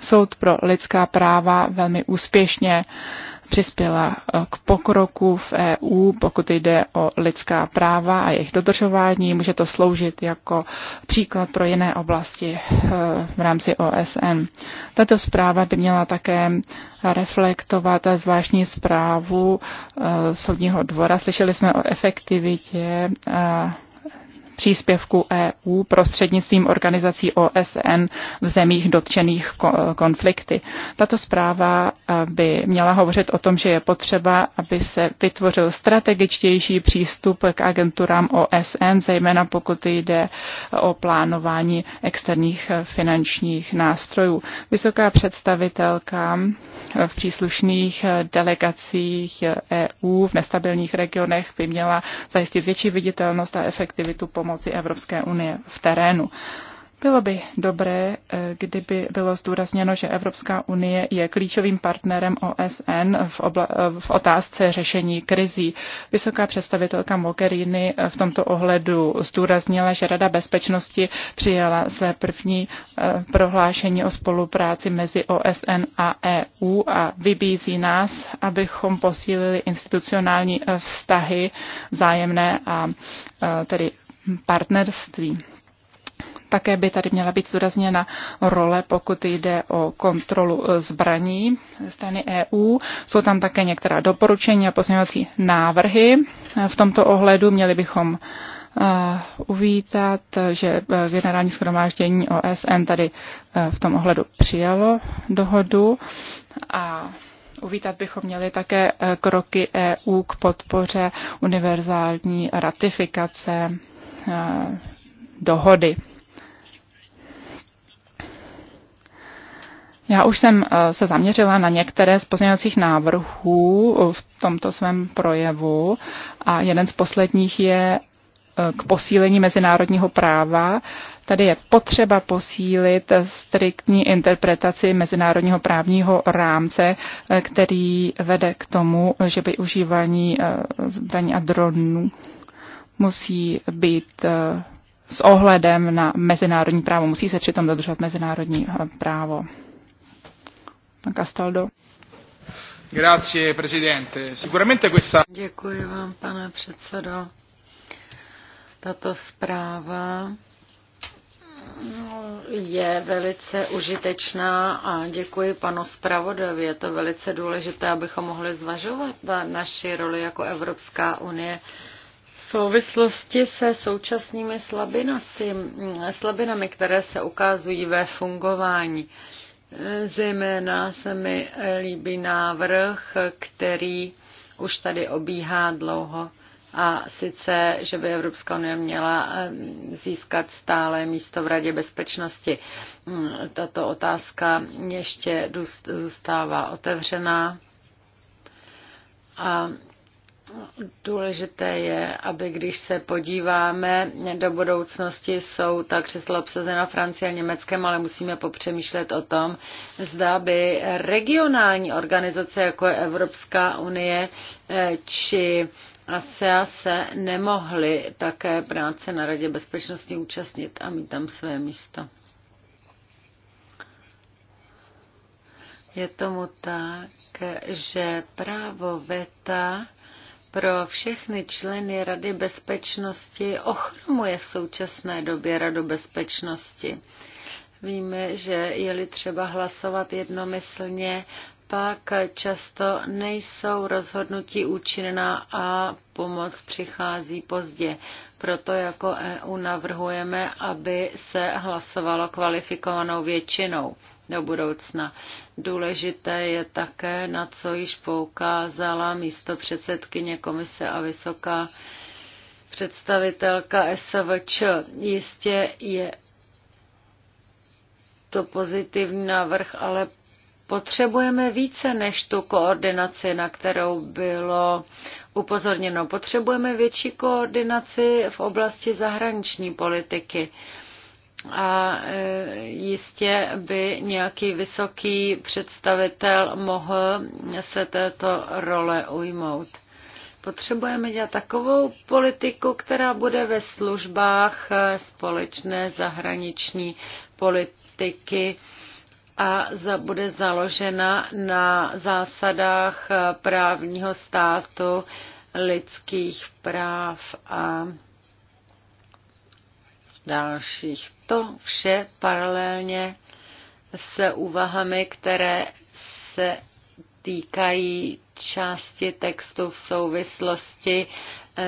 Soud pro lidská práva velmi úspěšně uh, přispěla eh, k pokroku v EU, pokud jde o lidská práva a jejich dodržování. Může to sloužit jako příklad pro jiné oblasti eh, v rámci OSN. Tato zpráva by měla také reflektovat zvláštní zprávu eh, Soudního dvora. Slyšeli jsme o efektivitě příspěvku EU prostřednictvím organizací OSN v zemích dotčených konflikty. Tato zpráva eh, by měla hovořit o tom, že je potřeba, aby se vytvořil strategičtější přístup k agenturám OSN, zejména pokud jde o plánování externích eh, finančních nástrojů. Vysoká představitelka eh, v příslušných delegacích EU e v nestabilních regionech by měla zajistit větší viditelnost a efektivitu pomoci pomoci Evropské unie v terénu. Bylo by dobré, eh, kdyby bylo zdůrazněno, že Evropská unie je klíčovým partnerem OSN v, obla- eh, v otázce řešení krizí. Vysoká představitelka Mogherini eh, v tomto ohledu zdůraznila, že Rada bezpečnosti přijala své první prohlášení o spolupráci mezi OSN a EU a vybízí nás, abychom posílili institucionální vztahy zájemné a tedy partnerství. Také by tady měla být zdůrazněna role, pokud jde o kontrolu eh, zbraní ze strany EU. Jsou tam také některá doporučení a pozměňovací návrhy. Eh, v tomto ohledu měli bychom eh, uvítat, že generální schromáždění OSN tady v tom ohledu přijalo dohodu a uvítat bychom měli také kroky EU k podpoře univerzální ratifikace Eh, dohody. Já už jsem eh, se zaměřila na některé z pozměňovacích návrhů v tomto svém projevu a jeden z posledních je eh, k posílení mezinárodního práva. Tady je potřeba posílit striktní interpretaci mezinárodního právního rámce, který vede k tomu, že by užívání zbraní a dronů musí být eh, s ohledem na mezinárodní právo. Musí se přitom dodržovat mezinárodní eh, právo. Pan Castaldo. Grazie, presidente. Sicuramente questa... Děkuji vám, pane předsedo. Tato zpráva no, je velice užitečná a děkuji panu zpravodajovi. Je to velice důležité, abychom mohli zvažovat naši roli jako Evropská unie v souvislosti se současnými slabinosti, slabinami, které se ukazují ve fungování. Zejména se mi líbí návrh, který už tady obíhá dlouho. A sice, že by Evropská unie měla získat stále místo v Radě bezpečnosti. Hmm, tato otázka ještě zůstává otevřená. A Důležité je, aby když se podíváme do budoucnosti, jsou ta křesla obsazena Francie a Německem, ale musíme popřemýšlet o tom, zda by regionální organizace, jako je Evropská unie eh, či ASEA, e se nemohly také práce na Radě bezpečnosti účastnit a mít tam své místo. Je tomu tak, že právo VETA pro všechny členy Rady bezpečnosti ochromuje v současné době Radu bezpečnosti. Víme, že je-li třeba hlasovat jednomyslně, pak často nejsou rozhodnutí účinná a pomoc přichází pozdě. Proto jako EU navrhujeme, aby se hlasovalo kvalifikovanou většinou do budoucna. Důležité je také, na co již poukázala místo předsedkyně komise a vysoká představitelka SVČ. Jistě je to pozitivní návrh, ale potřebujeme více než tu koordinaci, na kterou bylo upozorněno. Potřebujeme větší koordinaci v oblasti zahraniční politiky a e, jistě by nějaký vysoký představitel mohl se této role ujmout. Potřebujeme dělat takovou politiku, která bude ve službách e, společné zahraniční politiky a za, bude založena na zásadách e, právního státu, lidských práv a dalších. To vše paralelně se úvahami, které se týkají části textu v souvislosti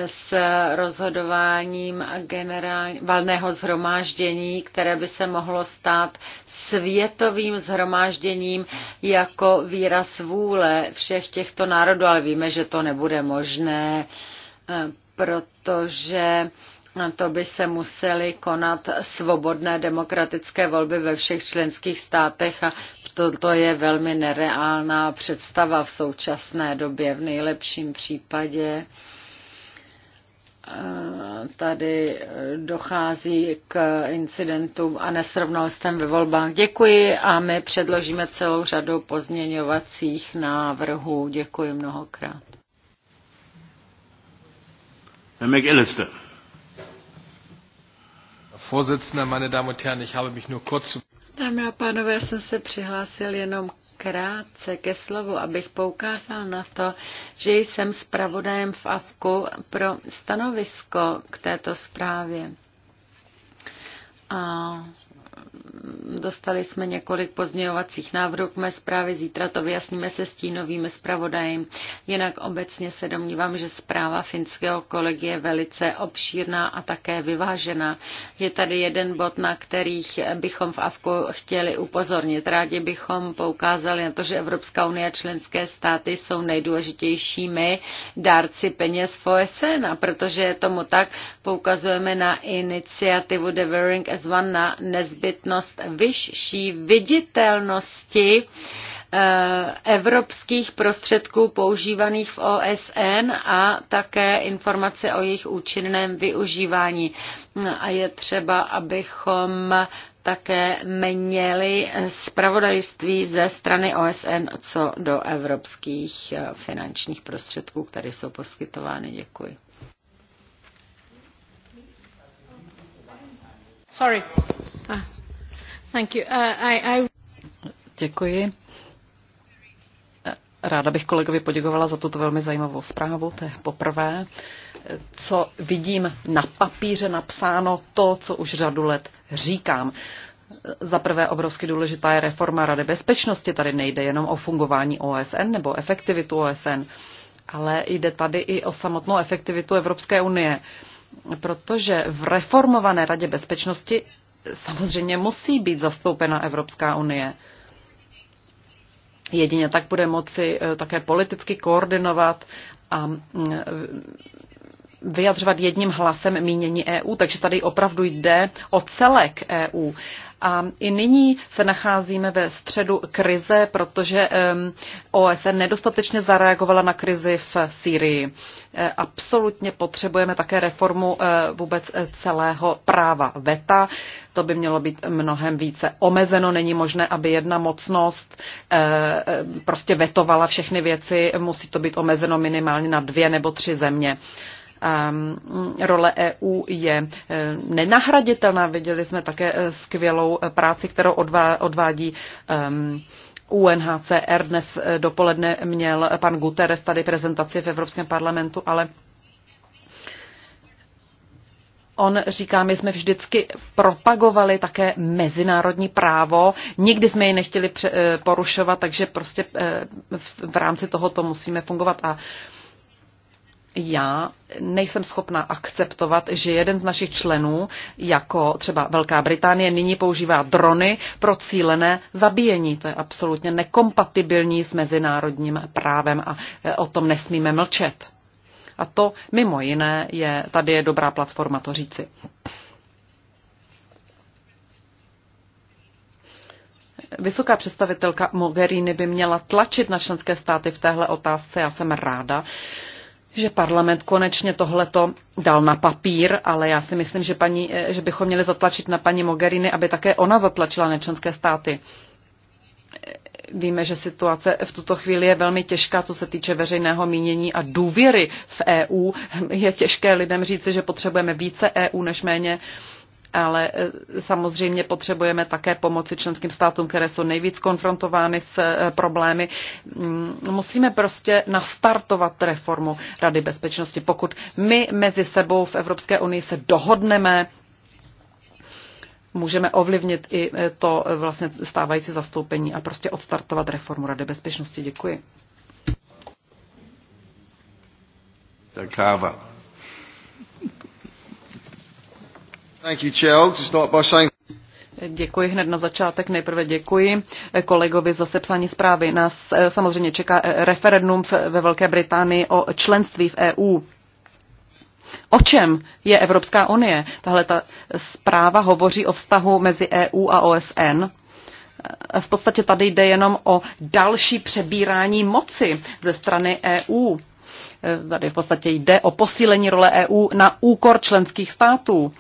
s rozhodováním generální, valného zhromáždění, které by se mohlo stát světovým zhromážděním jako výraz vůle všech těchto národů, ale víme, že to nebude možné, eh, protože to by se musely konat svobodné demokratické volby ve všech členských státech a toto je velmi nereálná představa v současné době. V nejlepším případě eh, tady dochází k incidentům a nesrovnalostem ve volbách. Děkuji a my předložíme celou řadu pozměňovacích návrhů. Děkuji mnohokrát. McAllister. Dámy a pánové, já jsem se přihlásil jenom krátce ke slovu, abych poukázal na to, že jsem zpravodajem v AVKu pro stanovisko k této zprávě. A Dostali jsme několik pozdějovacích návrhů k mé zprávě, zítra to vyjasníme se stínovými zpravodajem. Jinak obecně se domnívám, že zpráva finského kolegy je velice obšírná a také vyvážená. Je tady jeden bod, na kterých bychom v AVKu chtěli upozornit. Rádi bychom poukázali na to, že Evropská unie a členské státy jsou nejdůležitějšími dárci peněz v OSN a protože je tomu tak, poukazujeme na iniciativu Devering as One na nezbyt nezbytnost vyšší viditelnosti eh, evropských prostředků používaných v OSN a také informace o jejich účinném využívání. A je třeba, abychom také měli zpravodajství ze strany OSN co do evropských eh, finančních prostředků, které jsou poskytovány. Děkuji. Sorry. Ah. Uh, Děkuji. Ráda bych kolegovi poděkovala za tuto velmi zajímavou zprávu, to je poprvé. Co vidím na papíře napsáno, to, co už řadu let říkám. Za prvé obrovsky důležitá je reforma Rady bezpečnosti. Tady nejde jenom o fungování OSN nebo efektivitu OSN, ale jde tady i o samotnou efektivitu Evropské unie. Protože v reformované Radě bezpečnosti samozřejmě musí být zastoupena Evropská unie. Jedině tak bude moci eh, také politicky koordinovat a mm, vyjadřovat jedním hlasem mínění EU. Takže tady opravdu jde o celek EU. A i nyní se nacházíme ve středu krize, protože OSN nedostatečně zareagovala na krizi v Sýrii. E, absolutně potřebujeme také reformu e, vůbec e, celého práva VETA. To by mělo být mnohem více omezeno. Není možné, aby jedna mocnost prostě vetovala všechny věci. Musí to být omezeno minimálně na dvě nebo tři země. Mm, role EU je e, nenahraditelná. Viděli jsme také e, skvělou e, práci, kterou odvádí UNHCR. Dnes dopoledne měl pan Guterres tady prezentaci v Evropském parlamentu, ale On říká, my jsme vždycky propagovali také mezinárodní právo, nikdy jsme ji nechtěli porušovat, takže prostě v rámci tohoto musíme fungovat. A já nejsem schopna akceptovat, že jeden z našich členů, jako třeba Velká Británie, nyní používá drony pro cílené zabíjení. To je absolutně nekompatibilní s mezinárodním právem a e, o tom nesmíme mlčet. A to mimo jiné je, tady je dobrá platforma to říci. Vysoká představitelka Mogherini by měla tlačit na členské státy v téhle otázce. Já jsem ráda, že parlament konečně tohleto dal na papír, ale já si myslím, že, paní, eh, že bychom měli zatlačit na paní Mogherini, aby také ona zatlačila nečlenské státy. Eh, víme, že situace v tuto chvíli je velmi těžká, co se týče veřejného mínění a důvěry v EU. Je těžké lidem říci, že potřebujeme více EU než méně ale e, samozřejmě potřebujeme také pomoci členským státům, které jsou nejvíc konfrontovány s e, problémy. Mm, musíme prostě nastartovat reformu Rady bezpečnosti. Pokud my mezi sebou v Evropské unii se dohodneme, můžeme ovlivnit i e, to vlastně stávající zastoupení a prostě odstartovat reformu Rady bezpečnosti. Děkuji. Káva. Děkuji hned na začátek. Nejprve děkuji kolegovi za sepsání zprávy. Nás eh, samozřejmě čeká eh, referendum ve Velké Británii o členství v EU. O čem je Evropská unie? Tahle ta zpráva hovoří o vztahu mezi EU a OSN. Eh, v podstatě tady jde jenom o další přebírání moci ze strany EU. Tady v podstatě jde o posílení role EU na úkor členských států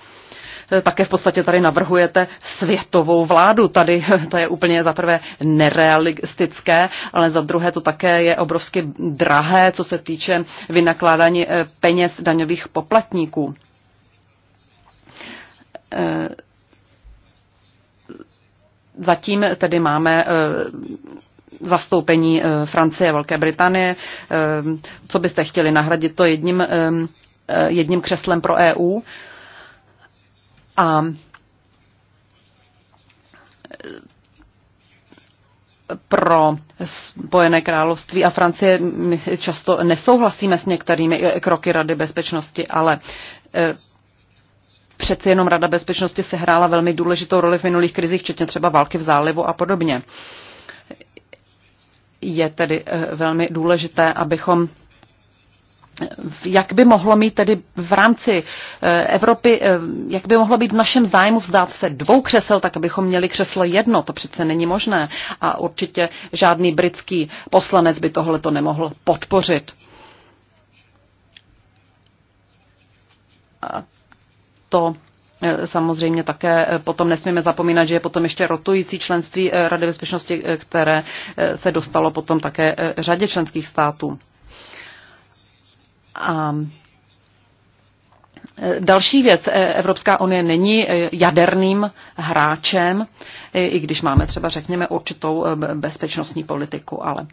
Eh, také v podstatě tady navrhujete světovou vládu. Tady eh, to je úplně za prvé nerealistické, ale za druhé to také je obrovsky drahé, co se týče vynakládání eh, peněz daňových poplatníků zatím tedy máme zastoupení Francie a Velké Británie. Co byste chtěli nahradit to jedním, jedním křeslem pro EU? A pro Spojené království a Francie my často nesouhlasíme s některými kroky Rady bezpečnosti, ale e, přeci jenom Rada bezpečnosti se hrála velmi důležitou roli v minulých krizích, včetně třeba války v zálivu a podobně. Je tedy e, velmi důležité, abychom jak by mohlo mít tedy v rámci eh, Evropy, eh, jak by mohlo být v našem zájmu vzdát se dvou křesel, tak abychom měli křeslo jedno, to přece není možné. A určitě žádný britský poslanec by tohle to nemohl podpořit. A to eh, Samozřejmě také potom nesmíme zapomínat, že je potom ještě rotující členství Rady bezpečnosti, které se dostalo potom také řadě členských států. A e, Další věc, e, Evropská unie není e, jaderným hráčem, i když máme třeba, řekněme, určitou bezpečnostní politiku, ale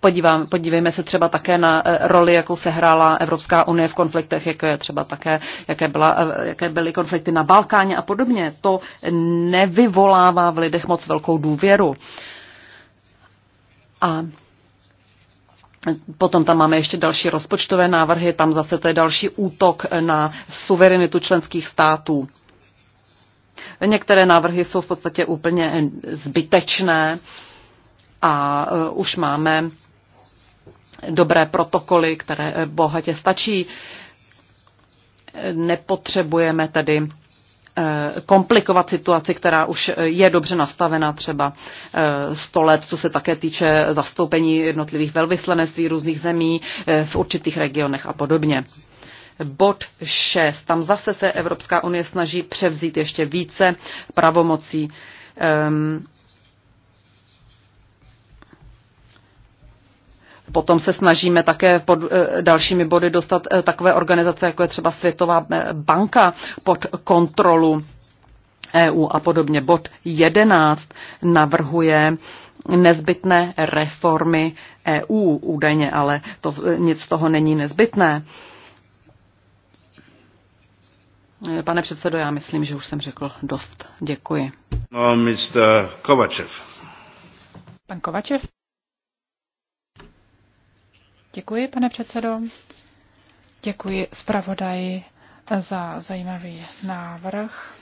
Podívám, podívejme se třeba také na roli, jakou se hrála Evropská unie v konfliktech, jako je třeba také, jaké, byla, jaké byly konflikty na Balkáně a podobně. To nevyvolává v lidech moc velkou důvěru. A Potom tam máme ještě další rozpočtové návrhy, tam zase to je další útok na suverenitu členských států. Některé návrhy jsou v podstatě úplně zbytečné a e, už máme dobré protokoly, které bohatě stačí. Nepotřebujeme tedy Eh, komplikovat situaci, která už je dobře nastavená třeba 100 eh, let, co se také týče zastoupení jednotlivých velvyslanectví různých zemí eh, v určitých regionech a podobně. Bod 6. Tam zase se Evropská unie snaží převzít ještě více pravomocí. Ehm, Potom se snažíme také pod eh, dalšími body dostat eh, takové organizace, jako je třeba Světová eh, banka, pod kontrolu EU a podobně. Bod 11 navrhuje nezbytné reformy EU údajně, ale to, nic z toho není nezbytné. Pane předsedo, já myslím, že už jsem řekl dost. Děkuji. No, Mr. Kovačev. Pan Kovačev. Děkuji, pane předsedo. Děkuji zpravodaji za zajímavý návrh.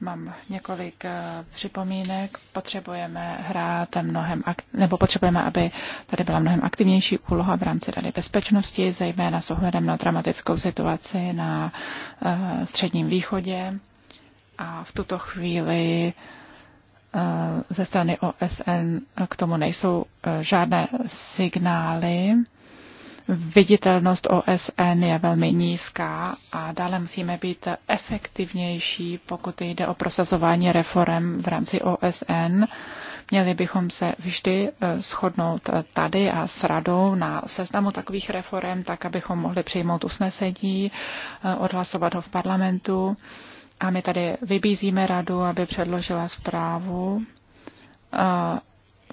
Mám několik eh, připomínek. Potřebujeme hrát mnohem, nebo potřebujeme, aby tady byla mnohem aktivnější úloha v rámci Rady bezpečnosti, zejména s ohledem na dramatickou situaci na eh, Středním východě. A v tuto chvíli Eh, ze strany OSN k tomu nejsou eh, žádné signály. Viditelnost OSN je velmi nízká a dále musíme být efektivnější, pokud jde o prosazování reform v rámci OSN. Měli bychom se vždy eh, shodnout tady a s radou na seznamu takových reform, tak abychom mohli přijmout usnesení, odhlasovat ho v parlamentu a my tady vybízíme radu, aby předložila zprávu eh,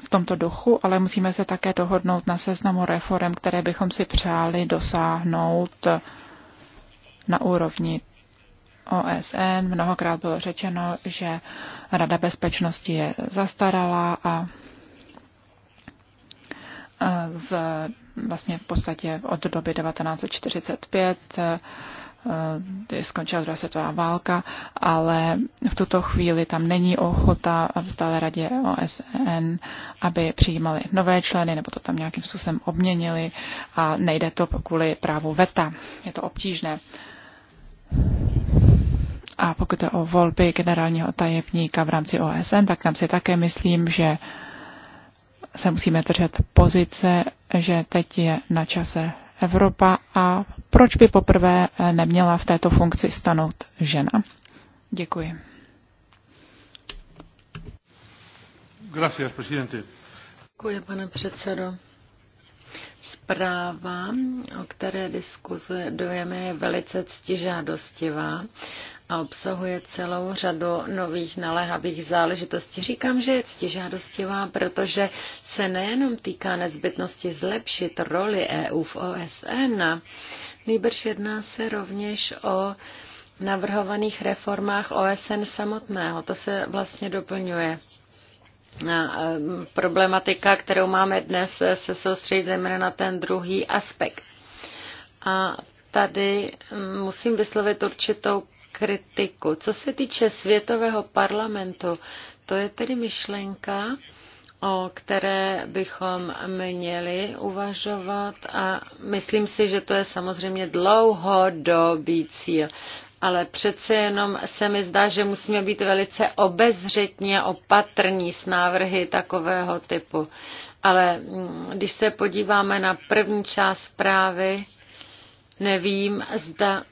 v tomto duchu, ale musíme se také dohodnout na seznamu reform, které bychom si přáli dosáhnout na úrovni OSN. Mnohokrát bylo řečeno, že Rada bezpečnosti je zastaralá a eh, z, vlastně v podstatě od doby 1945 kdy eh, skončila druhá světová válka, ale v tuto chvíli tam není ochota v stále radě OSN, aby přijímali nové členy nebo to tam nějakým způsobem obměnili a nejde to kvůli právu VETA. Je to obtížné. A pokud je o volby generálního tajemníka v rámci OSN, tak tam si také myslím, že se musíme držet pozice, že teď je na čase Evropa a proč by poprvé eh, neměla v této funkci stanout žena? Děkuji. Gracias, Děkuji, pane předsedo. Zpráva, o které diskuzujeme, je velice ctižádostivá a obsahuje celou řadu nových naléhavých záležitostí. Říkám, že je ctižádostivá, protože se nejenom týká nezbytnosti zlepšit roli EU v OSN, nejbrž jedná se rovněž o navrhovaných reformách OSN samotného. To se vlastně doplňuje. E, problematika, kterou máme dnes, se soustředí zejména na ten druhý aspekt. A tady mm, musím vyslovit určitou kritiku. Co se týče světového parlamentu, to je tedy myšlenka, o které bychom měli uvažovat a myslím si, že to je samozřejmě dlouhodobý cíl. Ale přece jenom se mi zdá, že musíme být velice obezřetně opatrní s návrhy takového typu. Ale mm, když se podíváme na první část zprávy, nevím, zda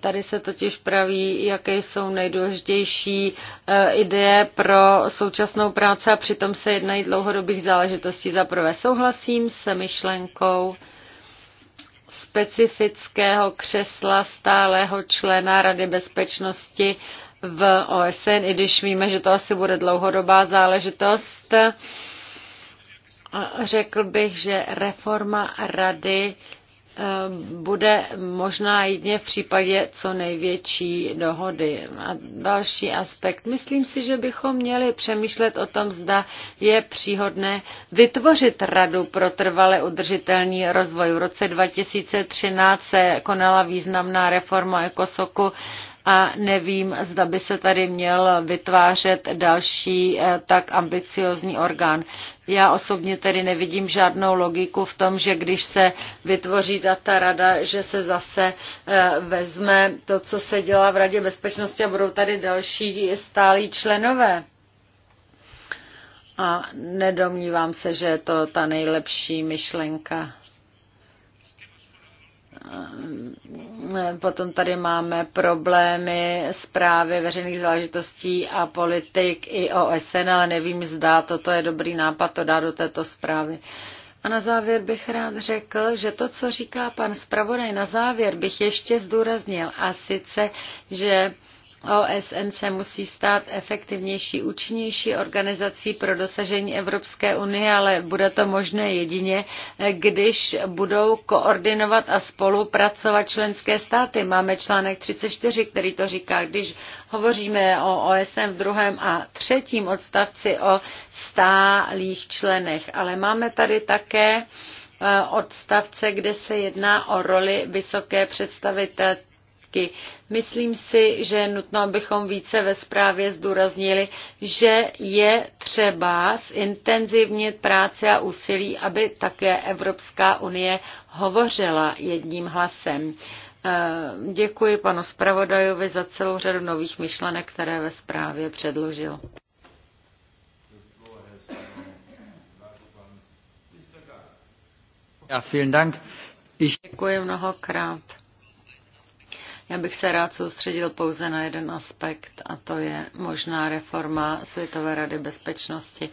Tady se totiž praví, jaké jsou nejdůležitější eh, ideje pro současnou práci a přitom se jednají dlouhodobých záležitostí. Za prvé souhlasím se myšlenkou specifického křesla stálého člena Rady bezpečnosti v OSN, i když víme, že to asi bude dlouhodobá záležitost. Řekl bych, že reforma rady Eh, bude možná jedně v případě co největší dohody. A další aspekt. Myslím si, že bychom měli přemýšlet o tom, zda je příhodné vytvořit Radu pro trvale udržitelný rozvoj. V roce 2013 se konala významná reforma Ekosoku a nevím, zda by se tady měl vytvářet další eh, tak ambiciozní orgán. Já osobně tedy nevidím žádnou logiku v tom, že když se vytvoří ta rada, že se zase eh, vezme to, co se dělá v Radě bezpečnosti a budou tady další stálí členové. A nedomnívám se, že je to ta nejlepší myšlenka. Potom tady máme problémy zprávy veřejných záležitostí a politik i OSN, ale nevím, zda toto je dobrý nápad to dát do této zprávy. A na závěr bych rád řekl, že to, co říká pan zpravodaj na závěr, bych ještě zdůraznil. A sice, že OSN se musí stát efektivnější, účinnější organizací pro dosažení Evropské unie, ale bude to možné jedině, když budou koordinovat a spolupracovat členské státy. Máme článek 34, který to říká, když hovoříme o OSN v druhém a třetím odstavci o stálých členech. Ale máme tady také eh, odstavce, kde se jedná o roli vysoké představitelky prostředky. Myslím si, že je nutno, abychom více ve zprávě zdůraznili, že je třeba zintenzivnit práci a úsilí, aby také Evropská unie hovořila jedním hlasem. Eh, děkuji panu zpravodajovi za celou řadu nových myšlenek, které ve zprávě předložil. Ja, vielen Dank. Ich Děkuji mnohokrát. Já bych se rád soustředil pouze na jeden aspekt a to je možná reforma Světové rady bezpečnosti.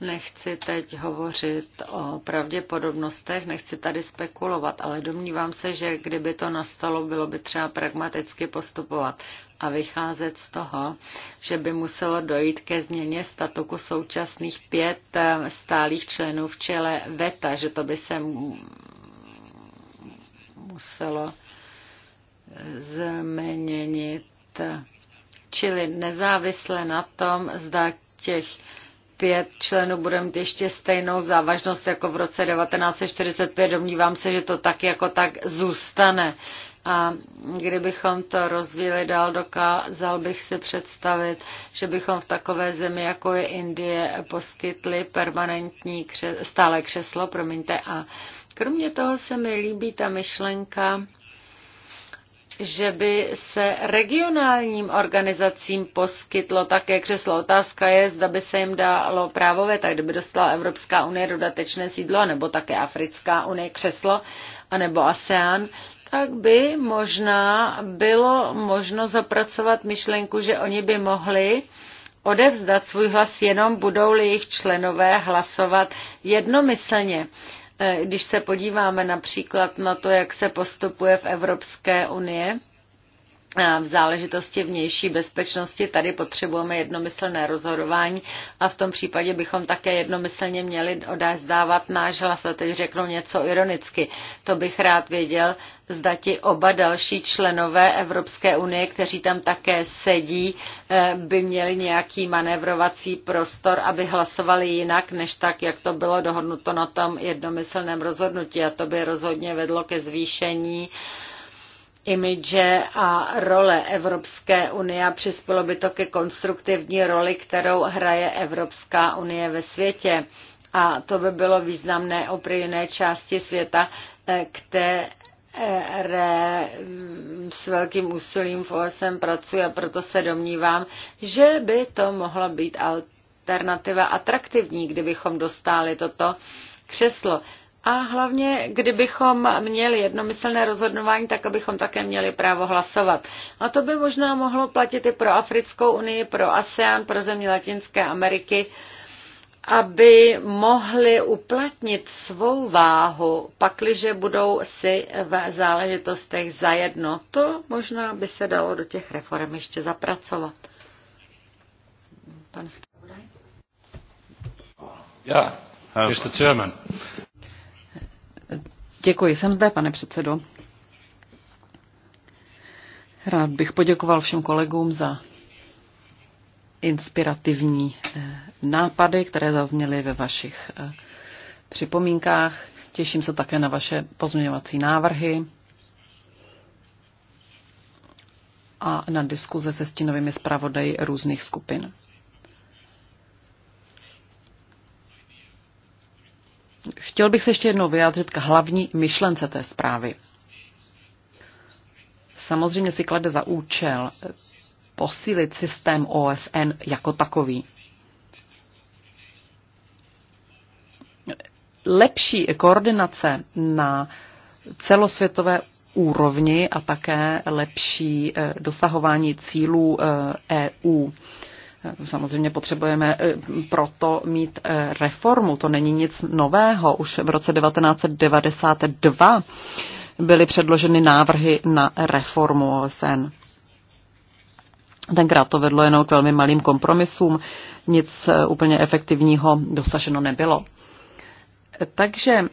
Nechci teď hovořit o pravděpodobnostech, nechci tady spekulovat, ale domnívám se, že kdyby to nastalo, bylo by třeba pragmaticky postupovat a vycházet z toho, že by muselo dojít ke změně statuku současných pět eh, stálých členů v čele VETA, že to by se muselo změnit, čili nezávisle na tom, zda těch pět členů bude mít ještě stejnou závažnost jako v roce 1945. Domnívám se, že to tak jako tak zůstane. A kdybychom to rozvíjeli dál, dokázal bych si představit, že bychom v takové zemi, jako je Indie, poskytli permanentní kře- stále křeslo, promiňte. A kromě toho se mi líbí ta myšlenka, že by se regionálním organizacím poskytlo také křeslo. Otázka je, zda by se jim dalo právové, tak kdyby dostala Evropská unie dodatečné sídlo, nebo také Africká unie křeslo, anebo ASEAN, tak by možná bylo možno zapracovat myšlenku, že oni by mohli odevzdat svůj hlas jenom budou-li jejich členové hlasovat jednomyslně. Eh, když se podíváme například na to, jak se postupuje v Evropské unii, v záležitosti vnější bezpečnosti tady potřebujeme jednomyslné rozhodování a v tom případě bychom také jednomyslně měli odezdávat náš hlas. A teď řeknu něco ironicky. To bych rád věděl, zda ti oba další členové Evropské unie, kteří tam také sedí, eh, by měli nějaký manévrovací prostor, aby hlasovali jinak, než tak, jak to bylo dohodnuto na tom jednomyslném rozhodnutí. A to by rozhodně vedlo ke zvýšení uh, imidže a role Evropské unie a přispělo by to ke konstruktivní roli, kterou hraje Evropská unie ve světě. A to by bylo významné opry jiné části světa, eh, které mm, s velkým úsilím v OSM pracuje, proto se domnívám, že by to mohla být alternativa atraktivní, kdybychom dostali toto křeslo. A hlavně, kdybychom měli jednomyslné rozhodování, tak abychom také měli právo hlasovat. A to by možná mohlo platit i pro Africkou unii, pro ASEAN, pro země Latinské Ameriky, aby mohli uplatnit svou váhu, pakliže budou si v záležitostech zajedno. To možná by se dalo do těch reform ještě zapracovat. Pan zpravodaj? Ja, Mr. Chairman. Děkuji, jsem zde, pane předsedo. Rád bych poděkoval všem kolegům za inspirativní eh, nápady, které zazněly ve vašich eh, připomínkách. Těším se také na vaše pozměňovací návrhy a na diskuze se stínovými zpravodaji různých skupin. Chtěl bych se ještě jednou vyjádřit k hlavní myšlence té zprávy. Samozřejmě si klade za účel posílit systém OSN jako takový. Lepší koordinace na celosvětové úrovni a také lepší eh, dosahování cílů EU eh, e Samozřejmě potřebujeme eh, proto mít eh, reformu, to není nic nového. Už v roce 1992 byly předloženy návrhy na reformu OSN. Tenkrát to vedlo jenom k velmi malým kompromisům, nic eh, úplně efektivního dosaženo nebylo. Takže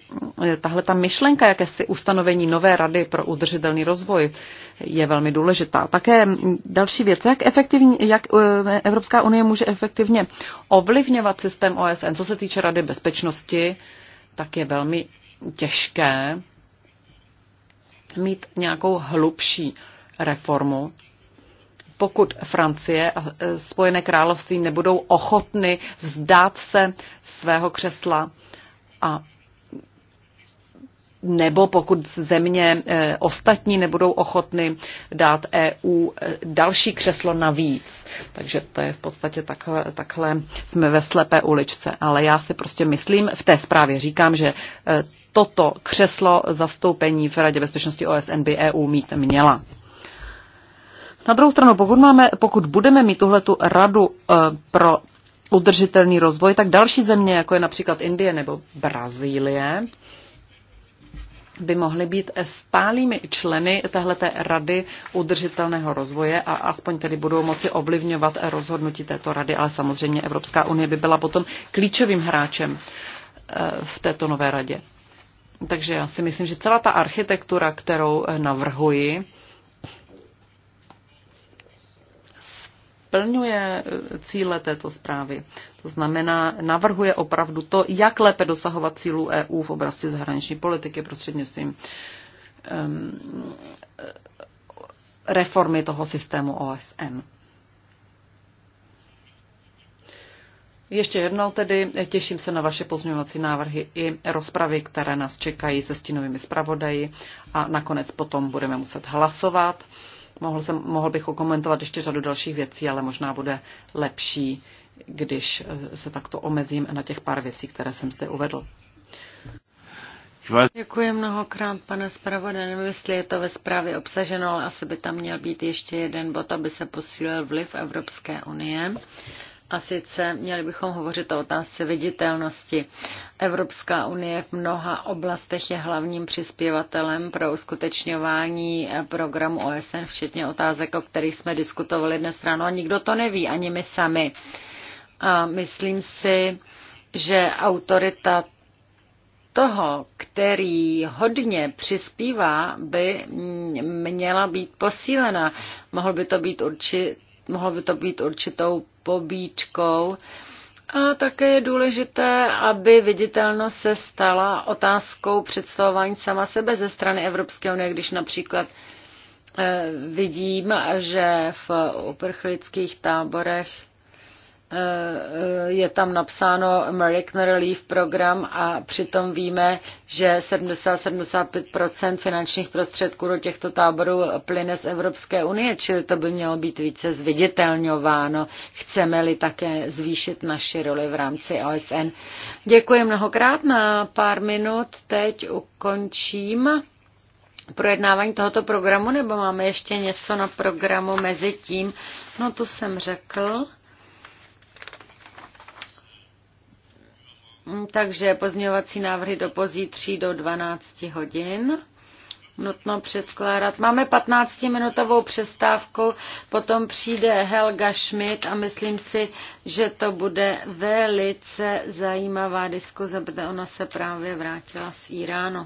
eh, tahle ta myšlenka, jakési ustanovení nové rady pro udržitelný rozvoj, je velmi důležitá. Také mm, další věc, jak, efektivní, jak eh, Evropská unie může efektivně ovlivňovat systém OSN, co se týče Rady bezpečnosti, tak je velmi těžké mít nějakou hlubší reformu, pokud Francie a eh, Spojené království nebudou ochotny vzdát se svého křesla a nebo pokud země eh, ostatní nebudou ochotny dát EU eh, další křeslo navíc. Takže to je v podstatě takhle, takhle jsme ve slepé uličce. Ale já si prostě myslím, v té zprávě říkám, že eh, toto křeslo zastoupení v Radě bezpečnosti OSN by EU mít měla. Na druhou stranu, pokud, máme, pokud budeme mít tuhletu radu pro udržitelný rozvoj, tak další země, jako je například Indie nebo Brazílie, by mohly být stálými členy téhleté rady udržitelného rozvoje a aspoň tedy budou moci ovlivňovat rozhodnutí této rady, ale samozřejmě Evropská unie by byla potom klíčovým hráčem eh, v této nové radě. Takže já si myslím, že celá ta architektura, kterou eh, navrhuji, splňuje eh, cíle této zprávy. To znamená, navrhuje opravdu to, jak lépe dosahovat cílů EU v oblasti zahraniční politiky prostřednictvím um, reformy toho systému OSN. Ještě jednou tedy eh, těším se na vaše pozměňovací návrhy i rozpravy, které nás čekají se stínovými zpravodaji a nakonec potom budeme muset hlasovat. Mohl, jsem, mohl bych okomentovat ještě řadu dalších věcí, ale možná bude lepší, když eh, se takto omezím na těch pár věcí, které jsem zde uvedl. Děkuji mnohokrát, pane zpravodaj. Nevím, jestli je to ve zprávě obsaženo, ale asi by tam měl být ještě jeden bod, aby se posílil vliv Evropské unie a sice měli bychom hovořit o otázce viditelnosti. Evropská unie v mnoha oblastech je hlavním přispěvatelem pro uskutečňování programu OSN, včetně otázek, o kterých jsme diskutovali dnes ráno. A nikdo to neví, ani my sami. A myslím si, že autorita toho, který hodně přispívá, by měla být posílena. Mohl by to být určit mohlo by to být určitou pobíčkou. A také je důležité, aby viditelnost se stala otázkou představování sama sebe ze strany Evropské unie, když například eh, vidím, že v uprchlických táborech Eh, eh, je tam napsáno American Relief Program a přitom víme, že 70-75% finančních prostředků do těchto táborů plyne z Evropské unie, čili to by mělo být více zviditelňováno, chceme-li také zvýšit naši roli v rámci OSN. Děkuji mnohokrát na pár minut, teď ukončím projednávání tohoto programu, nebo máme ještě něco na programu mezi tím? No to jsem řekl. Mm, takže pozměňovací návrhy do pozítří do 12 hodin nutno předkládat. Máme 15-minutovou přestávku, potom přijde Helga Schmidt a myslím si, že to bude velice zajímavá diskuze, protože ona se právě vrátila z Iránu.